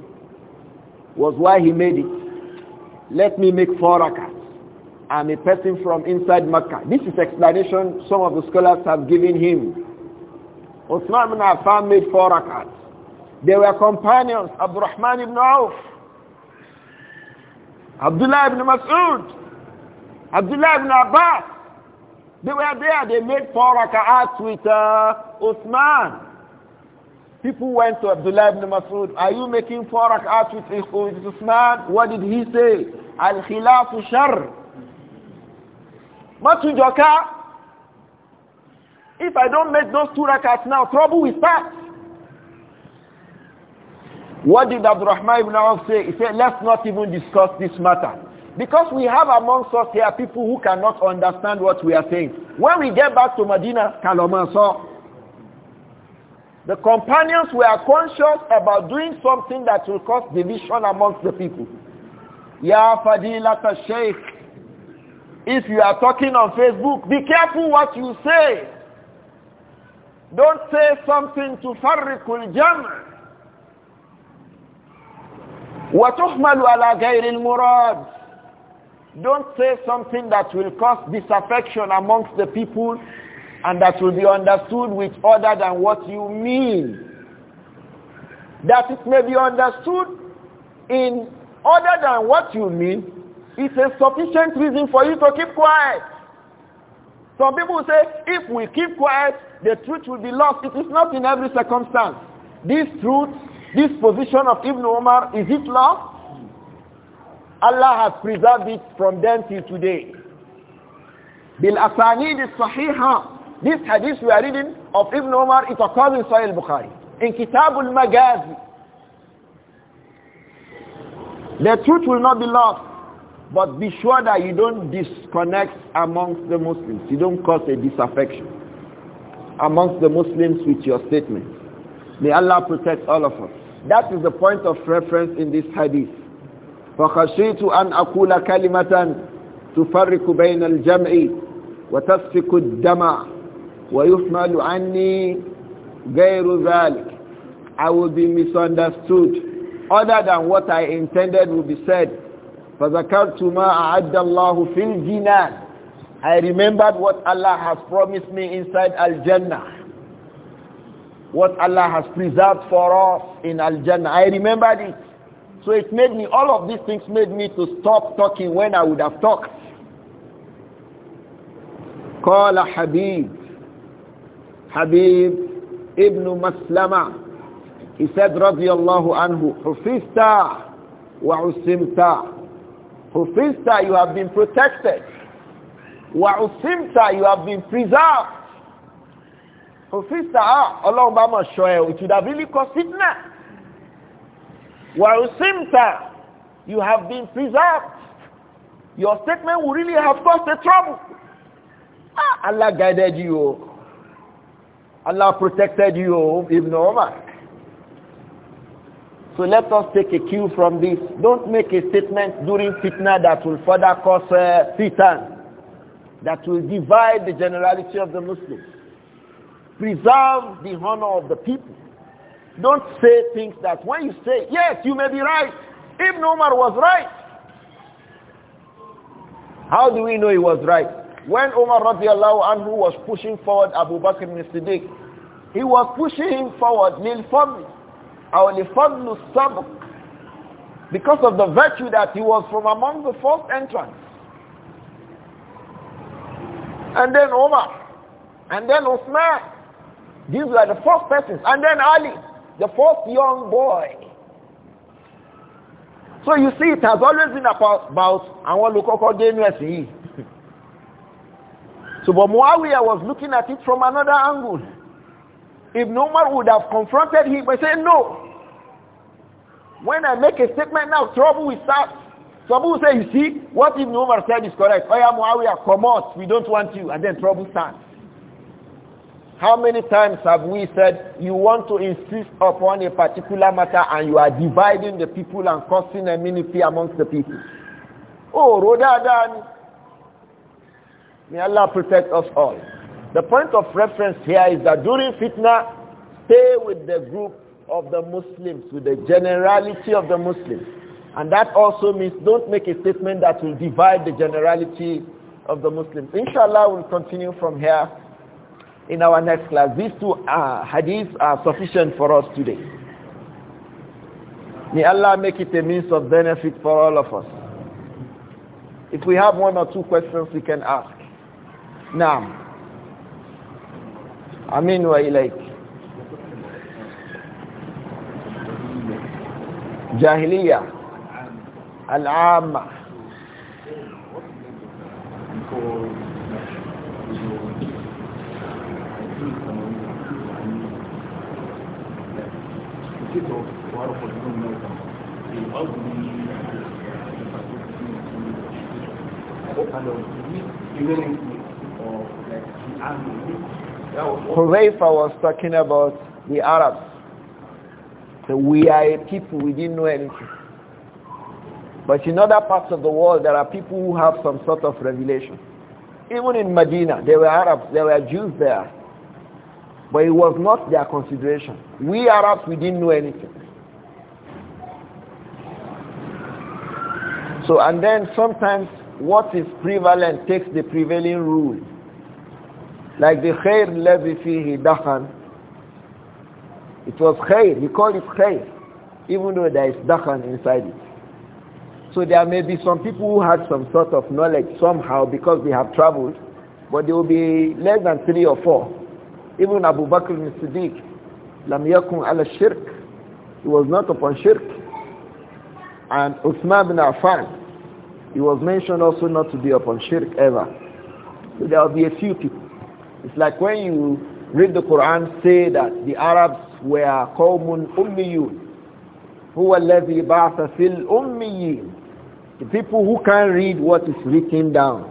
was why he made it. Let me make four rak'ahs. I'm a person from inside Mecca. This is explanation some of the scholars have given him. Uthman ibn Affan made four rak'ahs. They were companions, Abdurrahman ibn Auf, Abdullah ibn Mas'ud, Abdullah ibn Abbas, they were there, they made four raka'ats with uh, Uthman. People went to Abdullah ibn Mas'ud, are you making four raka'ats with, with Uthman? What did he say? Al-khilafu shar. Matu joka, if I don't make those two Rak'ahs now, trouble will start. What did Abdurrahman ibn Awf say? He said, let's not even discuss this matter. Because we have amongst us here people who cannot understand what we are saying. When we get back to Medina, Kalomansa, the companions were conscious about doing something that will cause division amongst the people. Ya Fadilata Sheikh, if you are talking on Facebook, be careful what you say. Don't say something to Farrikul Jama' وَتُحْمَلُ عَلَى غَيْرِ الْمُرَادِ Don't say something that will cause disaffection amongst the people and that will be understood with other than what you mean. That it may be understood in other than what you mean is a sufficient reason for you to keep quiet. Some people say, if we keep quiet, the truth will be lost. It is not in every circumstance. This truth this position of Ibn Umar, is it lost? Allah has preserved it from then till today. Bil asanid sahiha. This hadith we are reading of Ibn Umar, it occurs in Sahih Bukhari. In Kitab al-Magazi. The truth will not be lost. But be sure that you don't disconnect amongst the Muslims. You don't cause a disaffection amongst the Muslims with your statement. May Allah protect all of us. That is the point of reference in this hadith. فَخَشِيتُ أَنْ أَقُولَ كَلِمَةً تفرق بين الجمع وتسفك الدمع ويحمل عني غير ذلك I will be misunderstood other than what I intended will be said فذكرت ما أعد الله في الجنان I remembered what Allah has promised me inside Al-Jannah what Allah has preserved for us in Al-Jannah. I remembered it. So it made me, all of these things made me to stop talking when I would have talked. قال حبيب حبيب ibn مسلمة. he said رضي الله عنه حفظت وعصمت حفظت you have been protected وعصمت you have been preserved òfìsà ọlọ́run bá would have really caused kọ While Simta, you have been preserved your statement will really have caused a trouble ah Allah guided you Allah protected you Ibn Omar so let us take a cue from this don't make a statement during fitna that will further cause uh, fitna that will divide the generality of the Muslims Preserve the honor of the people. Don't say things that when you say, yes, you may be right. Ibn Umar was right. How do we know he was right? When Umar radiallahu anhu was pushing forward Abu Bakr al-Siddiq, he was pushing him forward lil-fadl, or lil-fadl sabq, because of the virtue that he was from among the first entrants. And then Umar, and then Uthman, these were the first persons. And then Ali, the first young boy. So you see, it has always been about, about I want to kọ́kọ́ dé So but Muawiyah was looking at it from another angle. If no one would have confronted him by saying, no. When I make a statement now, trouble will start. Some will say, you see, what if Umar said is correct. Oh yeah, Muawiyah, come out. We don't want you. And then trouble starts. How many times have we said you want to insist upon a particular matter and you are dividing the people and causing a enmity amongst the people? Oh, Rodadan. May Allah protect us all. The point of reference here is that during fitna, stay with the group of the Muslims, with the generality of the Muslims. And that also means don't make a statement that will divide the generality of the Muslims. Inshallah, we'll continue from here in our next class. These two uh, hadiths are sufficient for us today. May Allah make it a means of benefit for all of us. If we have one or two questions, we can ask. Naam. Amin wa ilayk. Jahiliyyah. Al-Ammah. state of Huzaifa was talking about the Arabs. So we are a people, we didn't know anything. But in other parts of the world, there are people who have some sort of revelation. Even in Medina, there were Arabs, there were Jews there. But it was not their consideration. We Arabs, we didn't know anything. So, and then sometimes what is prevalent takes the prevailing rule. Like the khair الذي فيه دخن. It was khair. He called it khair. Even though there is dakhan inside it. So there may be some people who had some sort of knowledge somehow because they have traveled, but there will be less than three or four even Abu Bakr ibn Siddiq, He was not upon shirk. And Uthman bin Affan, he was mentioned also not to be upon shirk ever. So there will be a few people. It's like when you read the Quran, say that the Arabs were qawmun ummiyun. هو الذي بعث في ummiyin, the people who can't read what is written down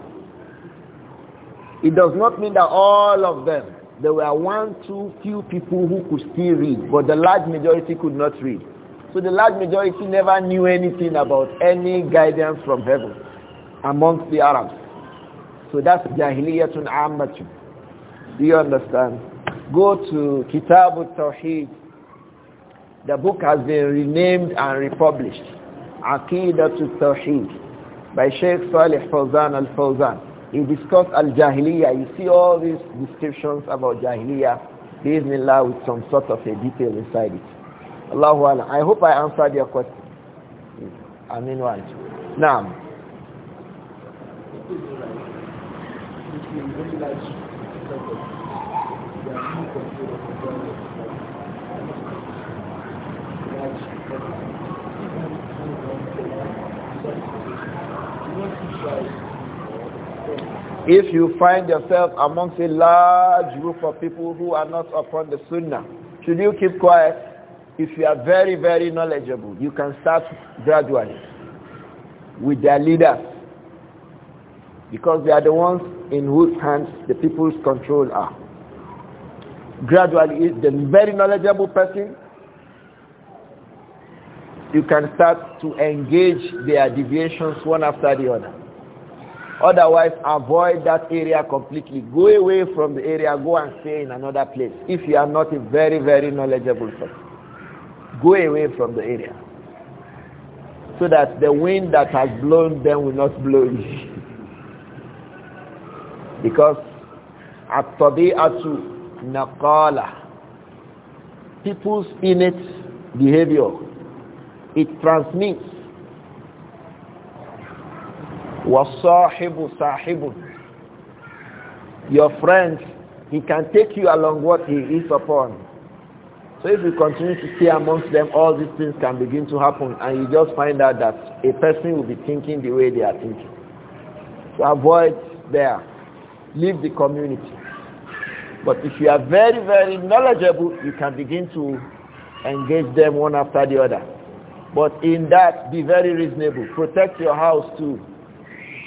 it does not mean that all of them there were one, two, few people who could still read, but the large majority could not read. So the large majority never knew anything about any guidance from heaven amongst the Arabs. So that's Jahiliyatun Ammatun. Do you understand? Go to Kitab al-Tawheed. The book has been renamed and republished. Aqidat al-Tawheed by Sheikh Salih Fawzan al-Fawzan. You discuss Al-Jahiliyyah. You see all these descriptions about Jahiliyyah, Bismillah, with some sort of a detail inside it. Allahu a'lam. I hope I answered your question. I mean what? Naam. If you find yourself amongst a large group of people who are not upon the sunnah, should you keep quiet? If you are very, very knowledgeable, you can start gradually with their leaders because they are the ones in whose hands the people's control are. Gradually, the very knowledgeable person, you can start to engage their deviations one after the other. Otherwise, avoid that area completely. Go away from the area, go and stay in another place if you are not a very, very knowledgeable person. Go away from the area so that the wind that has blown them will not blow you. [laughs] because at-tabi'atu naqala people's innate behavior it transmits وَالصَّاحِبُ sahibu. Your friend, he can take you along what he is upon. So if you continue to stay amongst them, all these things can begin to happen and you just find out that a person will be thinking the way they are thinking. So avoid there. Leave the community. But if you are very, very knowledgeable, you can begin to engage them one after the other. But in that, be very reasonable. Protect your house too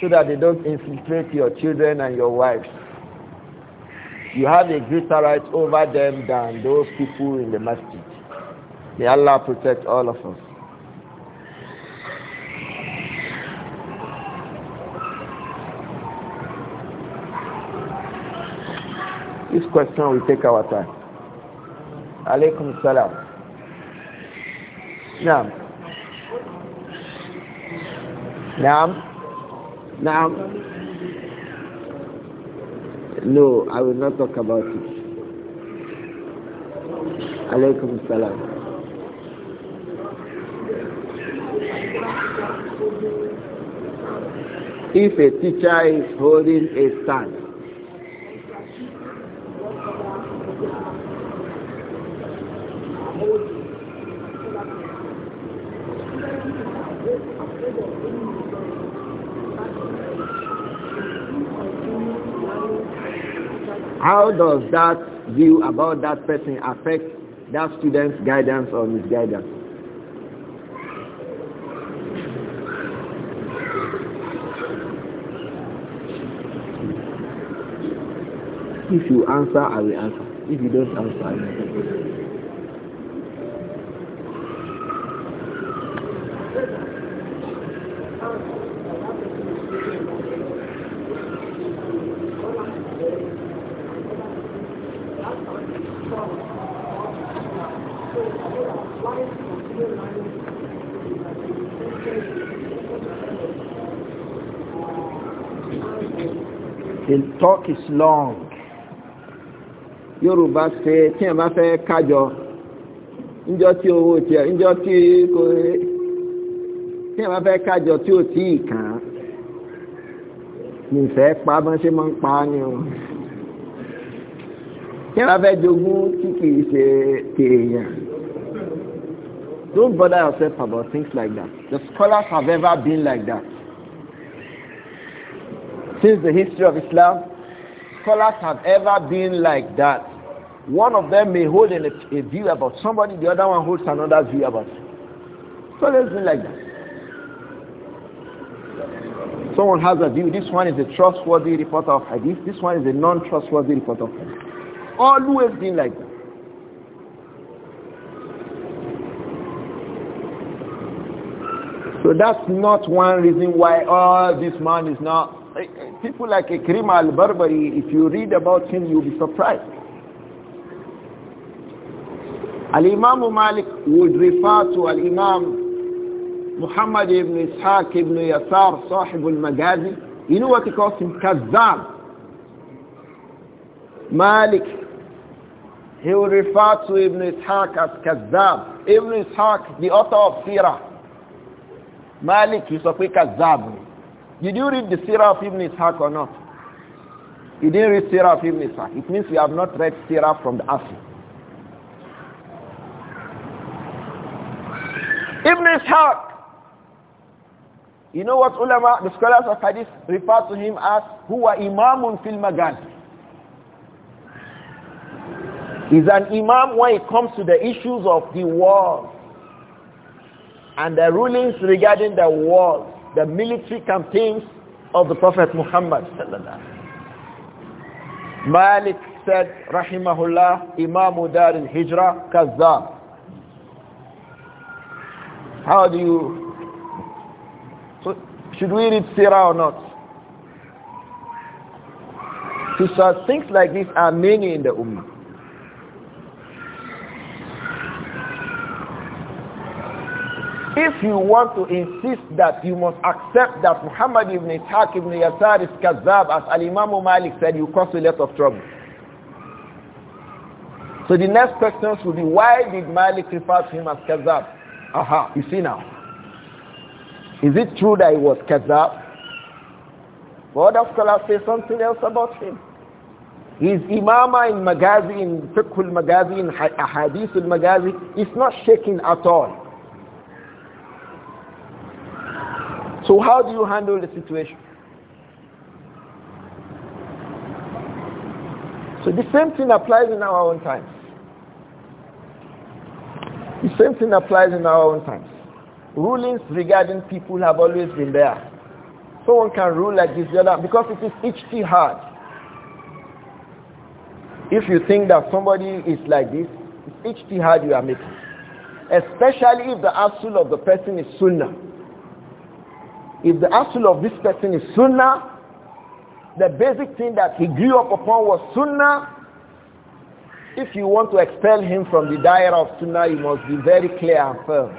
so that they don't infiltrate your children and your wives. You have a greater right over them than those people in the masjid. May Allah protect all of us. This question will take our time. Alaykum salam. Now. Now. Now, no, I will not talk about it. Alaykum salam. If a teacher is holding a stand how does that view about that person affect that student's guidance or misguidance? If you answer, I will answer. If you don't answer, I will answer. talk is long yorùbá ṣe tí ẹ bá fẹ́ kájọ níjọ́ tí owó tiẹ̀ níjọ́ tí kò tí ẹ bá fẹ́ kájọ tí ò tí ì kàn án nìfẹ́ pa bọ́n ṣe máa ń pa á ni o tí ẹ bá fẹ́ jogún tí kì ṣe tèèyàn don't bother yourself about things like that the scholars have ever been like that since the history of Islam scholars have ever been like that. One of them may hold a, a view about somebody, the other one holds another view about it. So let's be like that. Someone has a view. This one is a trustworthy reporter of hadith. This one is a non-trustworthy reporter of hadith. Always been like that. So that's not one reason why, oh, this man is not Eh, eh, people like Ikrim al-Barbari, if you read about him, you'll be surprised. Al-Imam Malik would refer to Al-Imam Muhammad ibn Ishaq ibn Yasar, Sahib al-Magazi. You know what he calls him? Kazzab. Malik, he would refer to Ibn Ishaq as Kazzab. Ibn Ishaq, the author of Sirah. Malik, you sọ pé Kazzab did you read the Sirah of Ibn Ishaq or not? He didn't read Sirah of Ibn Ishaq. It means you have not read Sirah from the Asr. Ibn Ishaq. You know what ulama, the scholars of hadith refer to him as huwa imamun fil Magan? He's an imam when it comes to the issues of the world and the rulings regarding the world the military campaigns of the Prophet Muhammad Malik said rahimahullah Imam Dar al-Hijra kazzab how do you so should we read sirah or not He so things like this are many in the ummah If you want to insist that you must accept that Muhammad ibn Ishaq ibn Yasar is Kazab as Al-Imam Malik said, you cause a lot of trouble. So the next questions will be, why did Malik refer to him as Kazab? Aha, you see now. Is it true that he was Kazab? what other scholars say something else about him. His imama in Magazi, in Fiqh al-Magazi, in Ahadith al-Magazi, is not shaking at all. So how do you handle the situation? So the same thing applies in our own times. The same thing applies in our own times. Rulings regarding people have always been there. Someone can rule like this, the other, because it is hard. If you think that somebody is like this, it's hard you are making. Especially if the asul of the person is sunnah. If the actual of this person is sunnah, the basic thing that he grew up upon was sunnah, if you want to expel him from the diet of sunnah, you must be very clear and firm.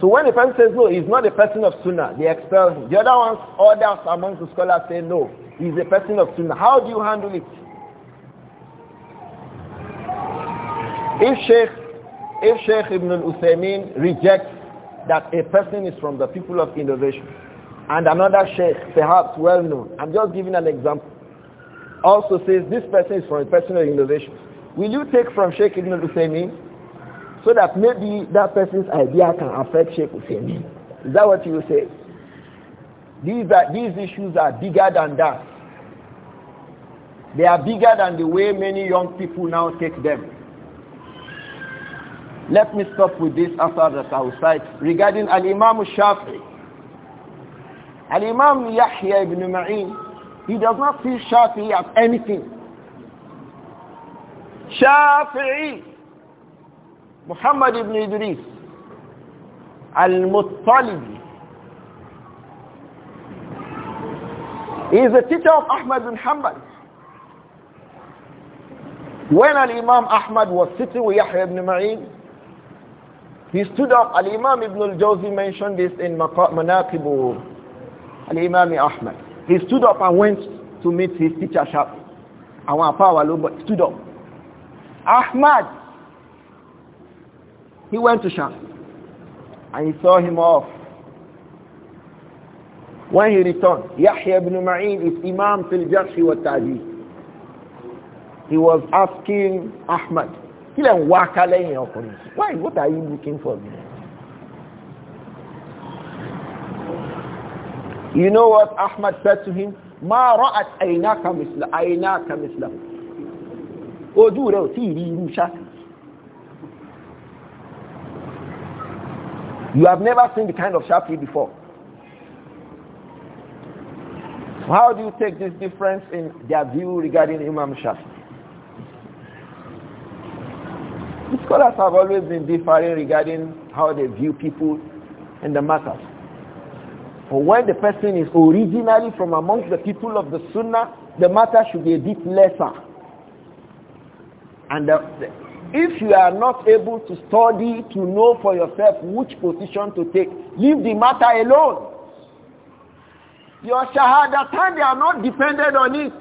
So when a person says no, he's not a person of sunnah, they expel him. The other ones, others among the scholars say no, he's a person of sunnah. How do you handle it? If Sheikh, if Sheikh Ibn al-Uthaymeen rejects that a person is from the people of innovation and another sheikh, perhaps well known, I'm just giving an example, also says this person is from a person of innovation. Will you take from Sheikh Ibn so that maybe that person's idea can affect Sheikh Uthaymeen? Is that what you say? These, are, these issues are bigger than that. They are bigger than the way many young people now take them. Let me stop with this after that I will cite regarding Al-Imam Shafi. Al-Imam Yahya ibn Ma'in, he does not feel Shafi as anything. Shafi, Muhammad ibn Idris, Al-Muttalibi. He is a teacher of Ahmad ibn Hanbal. When Al-Imam Ahmad was sitting with Yahya ibn Ma'in, he stood up. Al-Imam Ibn al-Jawzi mentioned this in Manaqibu Al-Imam Ahmad. He stood up and went to meet his teacher Shafi. Àwọn àpáwà stood up. Ahmad, he went to Shafi and he saw him off. When he returned, Yahya ibn Ma'in is Imam fil Jarhi wa Ta'dil. He was asking Ahmad, kílẹ̀ ń wá ká lẹ́yìn ọkùnrin why what are you looking for me. you know what ahmad said to him ma ra'at aynaka misla aynaka misla ojú rẹ̀ ò tí ì rí irú ṣá you have never seen the kind of shafi before how do you take this difference in their view regarding imam shafi The scholars have always been differing regarding how they view people and the matters. For when the person is originally from amongst the people of the Sunnah, the matter should be a bit lesser. And the, uh, the, if you are not able to study to know for yourself which position to take, leave the matter alone. Your shahada time, they are not dependent on it.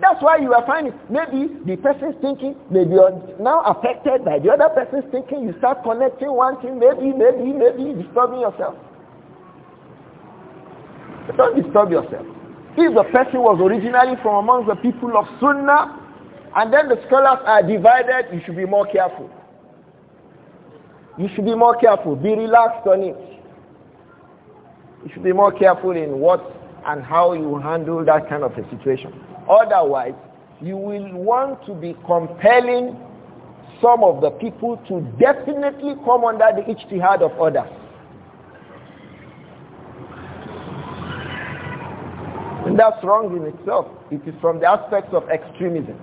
That's why you are finding maybe the person's thinking maybe you're now affected by the other person's thinking. You start connecting one thing, maybe, maybe, maybe disturbing yourself. Don't disturb yourself. If the person was originally from among the people of Sunnah, and then the scholars are divided, you should be more careful. You should be more careful. Be relaxed on it. You should be more careful in what and how you handle that kind of a situation. Otherwise, you will want to be compelling some of the people to definitely come under the ijtihad of others. And that's wrong in itself. It is from the aspects of extremism.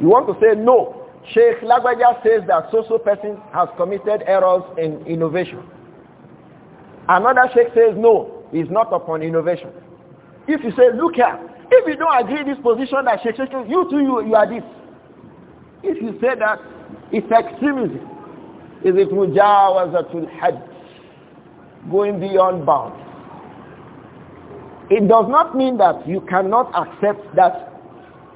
You want to say, no, Sheikh Lagwaja says that so-so person has committed errors in innovation. Another Sheikh says, no, he's not upon innovation. If you say, look here, if you don't agree this position that Sheikh Sheikh, you too, you, you are this. If you say that, it's extremism. Is it mujawazatul had Going beyond bounds. It does not mean that you cannot accept that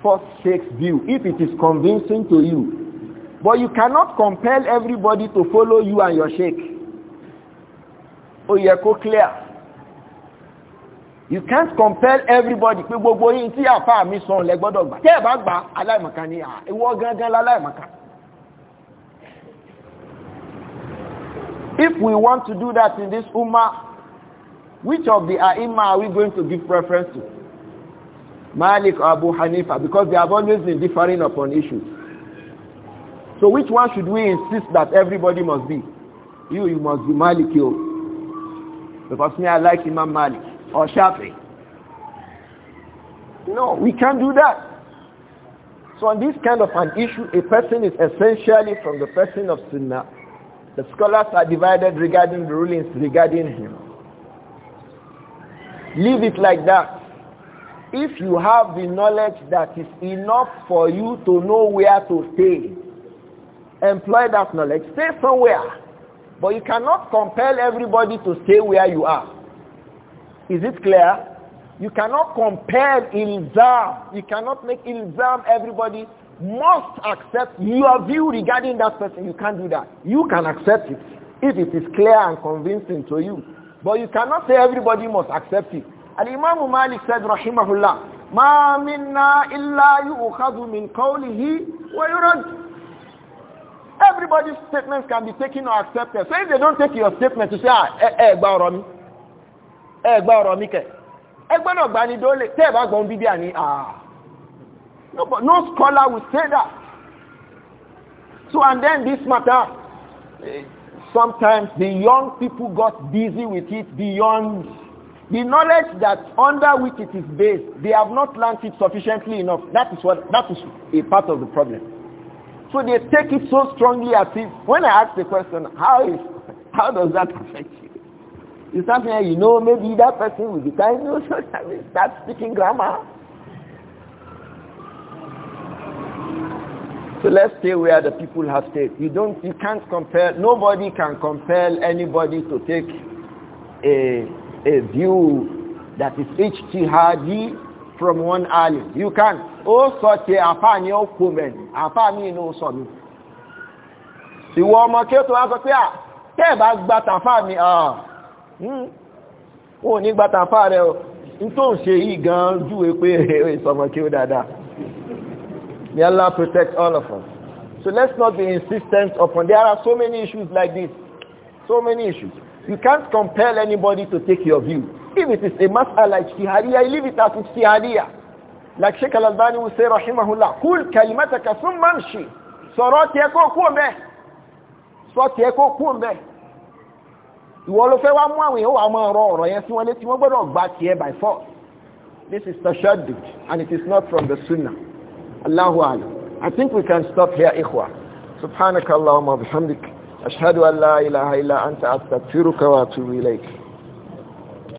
first Sheikh's view if it is convincing to you. But you cannot compel everybody to follow you and your Sheikh. Oh, yeah, clear. you can't compel everybody pé gbogbo yín tí àfa mi sọ lẹ gbọ́dọ̀ gbà tẹ́ ẹ̀ bá gbà aláìmọ̀kan ni ìwọ gangan láláìmọ̀kan. if we want to do that in this ummah which of the aima are we going to give preference to malik or abu hanifa because they have always been differing upon issues so which one should we insist that everybody must be you you must be malik yo because me i like imam malik or Shafi. No, we can't do that. So on this kind of an issue, a person is essentially from the person of Sunnah. The scholars are divided regarding the rulings regarding him. Leave it like that. If you have the knowledge that is enough for you to know where to stay, employ that knowledge. Stay somewhere. But you cannot compel everybody to stay where you are. Is it clear? You cannot compare ilzam. You cannot make ilzam everybody must accept your view regarding that person. You can't do that. You can accept it if it is clear and convincing to you. But you cannot say everybody must accept it. And Imam Malik said, Rahimahullah, Ma minna illa yu'khadu min qawlihi wa yurad. Everybody's statements can be taken or accepted. So if they don't take your statement, to say, ah, eh, eh, ẹgbà ọ̀rọ̀ mi kẹ̀ ẹgbẹ́ náà gbà ní dólè tẹ́ ẹ̀bá gbọ́n bíbí àní àà no scholar will say that so and then this matter sometimes the young people got busy with it beyond the knowledge that under which it is based they have not learned it sufficiently enough that is what that is a part of the problem so they take it so strongly as if when i ask the question how is how does that affect you start you know, maybe that person will be kind. No, [laughs] so start speaking grammar. So let's stay where the people have stayed. You don't, you can't compare, nobody can compel anybody to take a, a view that is ijtihadi from one alley. You can't. Oh, such a afani okumen, afani no son. You want kí ó tó wá sọ pé à, ah, tẹ́ẹ̀ bá Hmm. wọn ò ní gbàtà fà rẹ̀ o n tó ń ṣe yìí gan júwe pé ìsọmọ [laughs] kí ó dáadáa may Allah protect all of us so let's not be insistent upon there are so many issues like this so many issues you can't compel anybody to take your view if it is a matter like ijtihadiyya you leave it as ijtihadiyya like Sheikh Al-Albani will say rahimahullah kul kalimataka thumma manshi. sọ̀rọ̀ tiẹ̀ kó kú mẹ́ sọ tiẹ̀ kó kú mẹ́ ìwọ ló fẹ́ wá mú àwọn èèyàn wà máa rọ ọ̀rọ̀ yẹn sí wọn létí wọ́n gbọ́dọ̀ gba tiẹ̀ by force this is tashaddud and it is not from the sunnah allahu alam i think we can stop here ikhwa subhanakallahumma bihamdik ashhadu an la ilaha illa anta astaghfiruka wa atubu ilayk